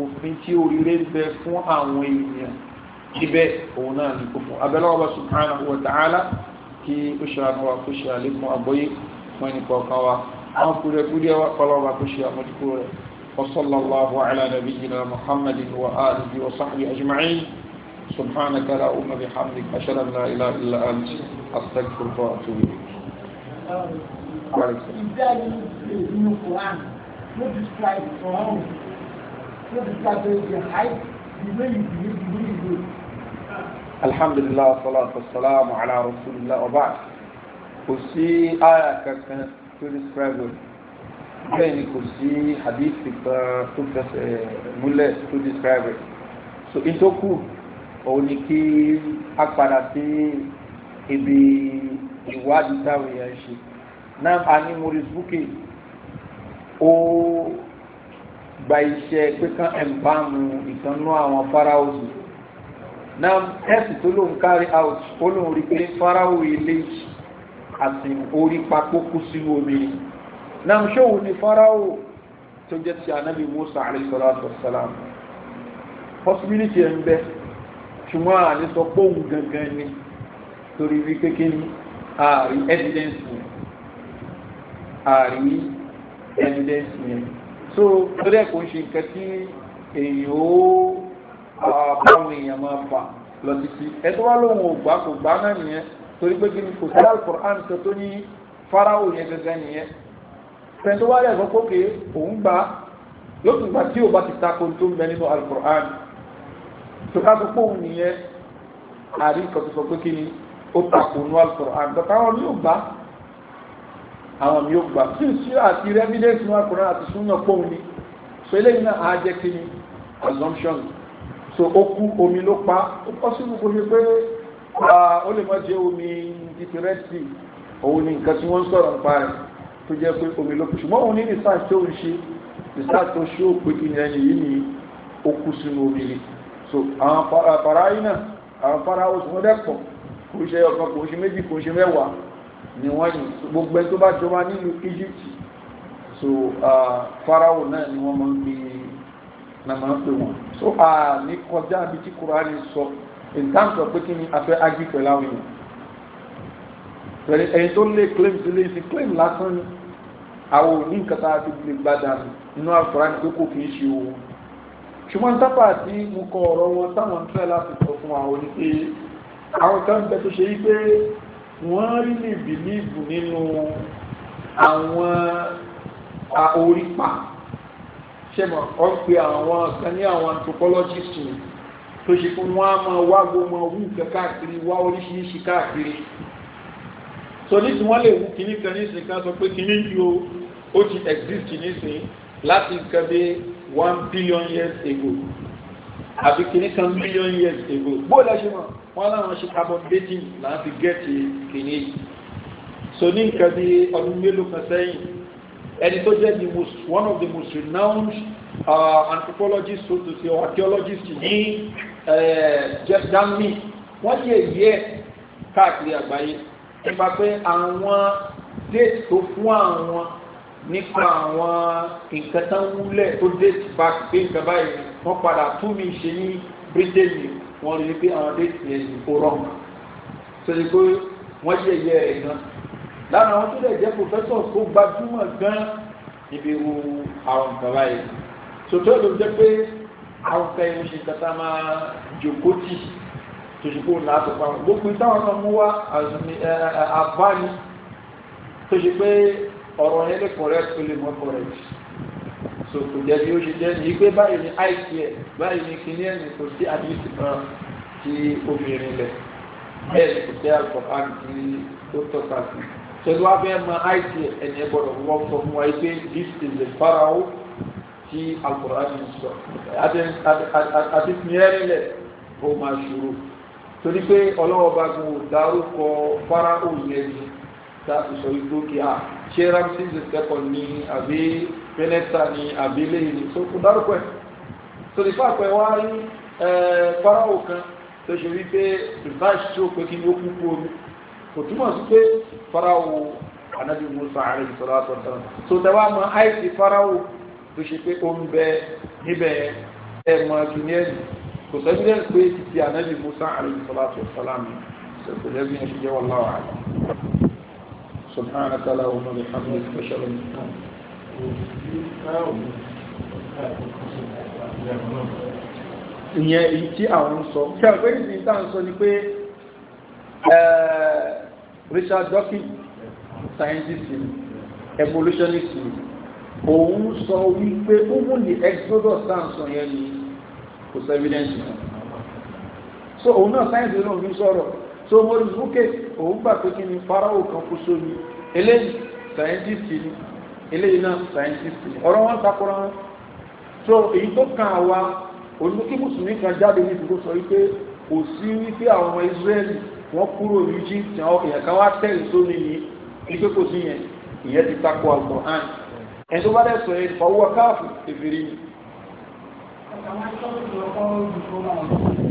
òfin tí oríire ń bẹ fún àwọn èèyàn ibẹ̀ òun náà ní kó fún bá subhanahu wa ta'ala kí ó ṣàánú wa kó ṣe àlékún àgbọ́yé fún ẹnì kọ̀ọ̀kan wa àwọn kúrẹ́kúrẹ́ wa kọ́lọ́ wa kó ṣe àmójúkúrò rẹ̀. وصلى الله على نبينا محمد وآله وصحبه أجمعين سبحانك لا أم بحمدك أشهد أن لا إله إلا أنت أستغفرك وأتوب إليك. الحمد لله والصلاة والسلام على رسول الله وبعد. وسي آية كاتبة كيف تكون؟ bẹ́ẹ̀ ni kò sí hadithi kan tó fẹsẹ̀ múlẹ̀ tó describe it so ìtókù òun ni kí a padà sí ibi ìwádìí táwọn èèyàn ṣe náà a ní maurice buke ó gba iṣẹ́ pé kán ẹ̀ǹbámu ìkànnú àwọn faraos náà ẹ̀sì tó lóun carry out ó lóun rí pé faraos ilé àti orí papò kú sínú omi ni nam ṣóhun ni farao tó jẹ́ ti anabi musa alayhi salatu wassalam possibility ẹ̀ ń bẹ ṣùgbọ́n àní sọ pé òun gangan ni torí wí pé kí ni ààrí evidence yẹn ààrí evidence yẹn so torí ẹ̀ kò ń ṣe nǹkan tí èèyàn ó báwọn èèyàn máa fà lọ títí ẹ tó wá lóhun ò gbà kò gbà náà nìyẹn torí pé kí ni kò sí alukur'an tó tó ní farao yẹn gangan nìyẹn pẹ̀lú wá lẹ́sọ̀ pókè òun gbà lótú gbà tí o bá ti tako tó ń bẹ nínú pòun nìyẹn àrí nǹkan pé kí ni ó tako nínú alukur'an dọ̀tà àwọn mi ò gbà àwọn mi ò gbà tí o sí àti rẹ́mídẹ́sì nínú alukur'an àti súnmọ́ pòun ni so eléyìí náà á jẹ́ kí ni assumption so ó kú omi ló pa ó kọ́ sínú kò ṣe pé ó lè má jẹ́ omi títí rẹ́sì òun ni nǹkan tí wọ́n sọ̀rọ̀ nípa rẹ̀ tó jẹ́ pé omi ló kù ṣùgbọ́n òun ní research tó ń ṣe research tó ṣe ó pé kí ni ẹni yìí ni ó kú sínú omi ni so àwọn fara yìí náà àwọn fara oṣù wọn dẹ́pọ̀ kò ṣe ọ̀kan kò ṣe méjì kò ṣe mẹ́wàá ni wọ́n yìn gbogbo ẹni tó bá jọba nílùú Egypt so farao náà ni wọ́n máa ń pè na máa ń pè wọ́n so ní kọjá àbí tí Kùránì sọ in terms of pé kí ni a fẹ́ ágí èèyàn pẹ̀lú ẹni eh, tó lé claim sílé sí claim lásán ni àwọn òní nǹkan tá a ti lè gbádà inú àkùrá ni pé kò kì í ṣe òun ṣùgbọ́n tápà tí mo kọ ọ̀rọ̀ wọn táwọn ń fẹ́ láti sọ fún àwọn ní pé àwọn kan bẹ tó ṣe yí pé wọ́n rí lè bìlíìbù nínú àwọn orípa ṣẹ́mọ̀ ọ́n pe àwọn kan ní àwọn anthropologists tó ṣe pé wọ́n á máa wá gbogbo wú kẹ́ káàkiri wá oríṣiríṣi káàkiri so ní tí wọ́n lè wú kìíní kan nísìn kan sọ pé kìíní yìí ó ti exist nísìn láti nǹkan bí one billion years ago àbí kìíní kan million years ago bóòlù ẹṣin mọ wọn láwọn ṣe carbon dating láti gẹ́ẹ̀tì kìíní yìí so ní nǹkan bí ọdún mélòó kan sẹ́yìn ẹni tó jẹ́ the most one of the most renowned uh, anthropologists so to say or archaeologists ní uh, Germany wọ́n yẹ̀ yẹ́ káàkiri àgbáyé nípa pé àwọn déètì tó fún àwọn nípa àwọn nǹkan tán wúlẹ̀ tó déètì bá pé nǹkan báyìí wọ́n padà tún mi ṣe ní bírítéènì wọ́n rí pé àwọn déètì yẹn kò rọrùn sọ̀rọ̀ pé wọ́n ṣe yẹ ẹ̀ gan lára àwọn tó dẹ̀ jẹ́ pòfẹ́sọ̀ tó gbajúmọ̀ gan níbi irú àwọn nǹkan báyìí sọ̀tọ́ ló jẹ́ pé àwọn kan ìwé ṣe kàtà máa jòkó tì í tòṣìkò láàtọ̀ pàmò gbogbo ìtàwọn náà mú wá àbáni tòṣì pé ọ̀rọ̀ yẹn lè correct tó lè mọ́ correct so kò jẹ́ bí ó ṣe jẹ́ ní pé báyìí ni àìsí ẹ̀ báyìí ni kìíní ẹ̀ ní kò sí àdìsí kan tí obìnrin lẹ̀ bẹ́ẹ̀ ni kò sí àgbọ̀kán tí ó tọ́ka sí pẹ̀lú abẹ́ mọ àìsí ẹ̀yẹ gbọ́dọ̀ wọ́n sọ fún wa yìí pé this is the pharaoh tí alukóra ní sọ àti ní ẹ̀rín lẹ̀ ó máa ṣòro torí pé ọlọ́wọ́ bá gbọ́ dárúkọ fáráhù yẹn ni láti sọ igbó kí a ah, ṣe ramses the second ni àbí pẹ́nẹ́tà ni àbí lẹ́yìn ni tó kú dárúkọ ẹ̀ torí pàpẹ́ wá rí fáráhù kan tó ṣe wípé rivers tí ó pé kí ni ó kú kú omi kò túmọ̀ sí pé fáráhù anabi musa alayhi salatu wa salam so tẹ́wọ́ àmọ́ àìsí fáráhù tó ṣe pé ó ń bẹ níbẹ̀ ẹ̀ mọ́ kìnìún kò sẹ́jú lẹ́yìn pé ti ànábì musa alayhi salatu wa salam kò lẹ́yìn bí wọ́n ṣe jẹ́ wọn láwà á subhanaka allahumma wa bihamdika ashhadu an la ilaha illa ìyẹn èyí tí àwọn ń sọ ṣe àpé ìsìn tá à sọ ni pé Richard Dawkins scientist evolutionist òun sọ wípé ó mú ní exodus tá sọ yẹn ni kò sọ evidence wọn so òun náà sáyẹ̀nsì náà fi sọ̀rọ̀ so mo rí fúkẹ́ òun gbà pé kí ni farao kan kó sómi eléyìí scientist ni eléyìí náà scientist ni ọ̀rọ̀ wọn takora wọn so èyí tó kan àwa olùkí mùsùlùmí kan jáde ní ìdúró sọ wípé kò sí wípé àwọn Israẹli wọn kúrò ní Egypt àwọn èèyàn kan wá tẹ̀lé sómi ní wípé kò sí yẹn ìyẹn ti takò Al-Qur'an ẹni tó bá dẹ̀ sọ yẹn fọwọ́ káàfù èfèrè yìí. 刚才中午包鱼去了。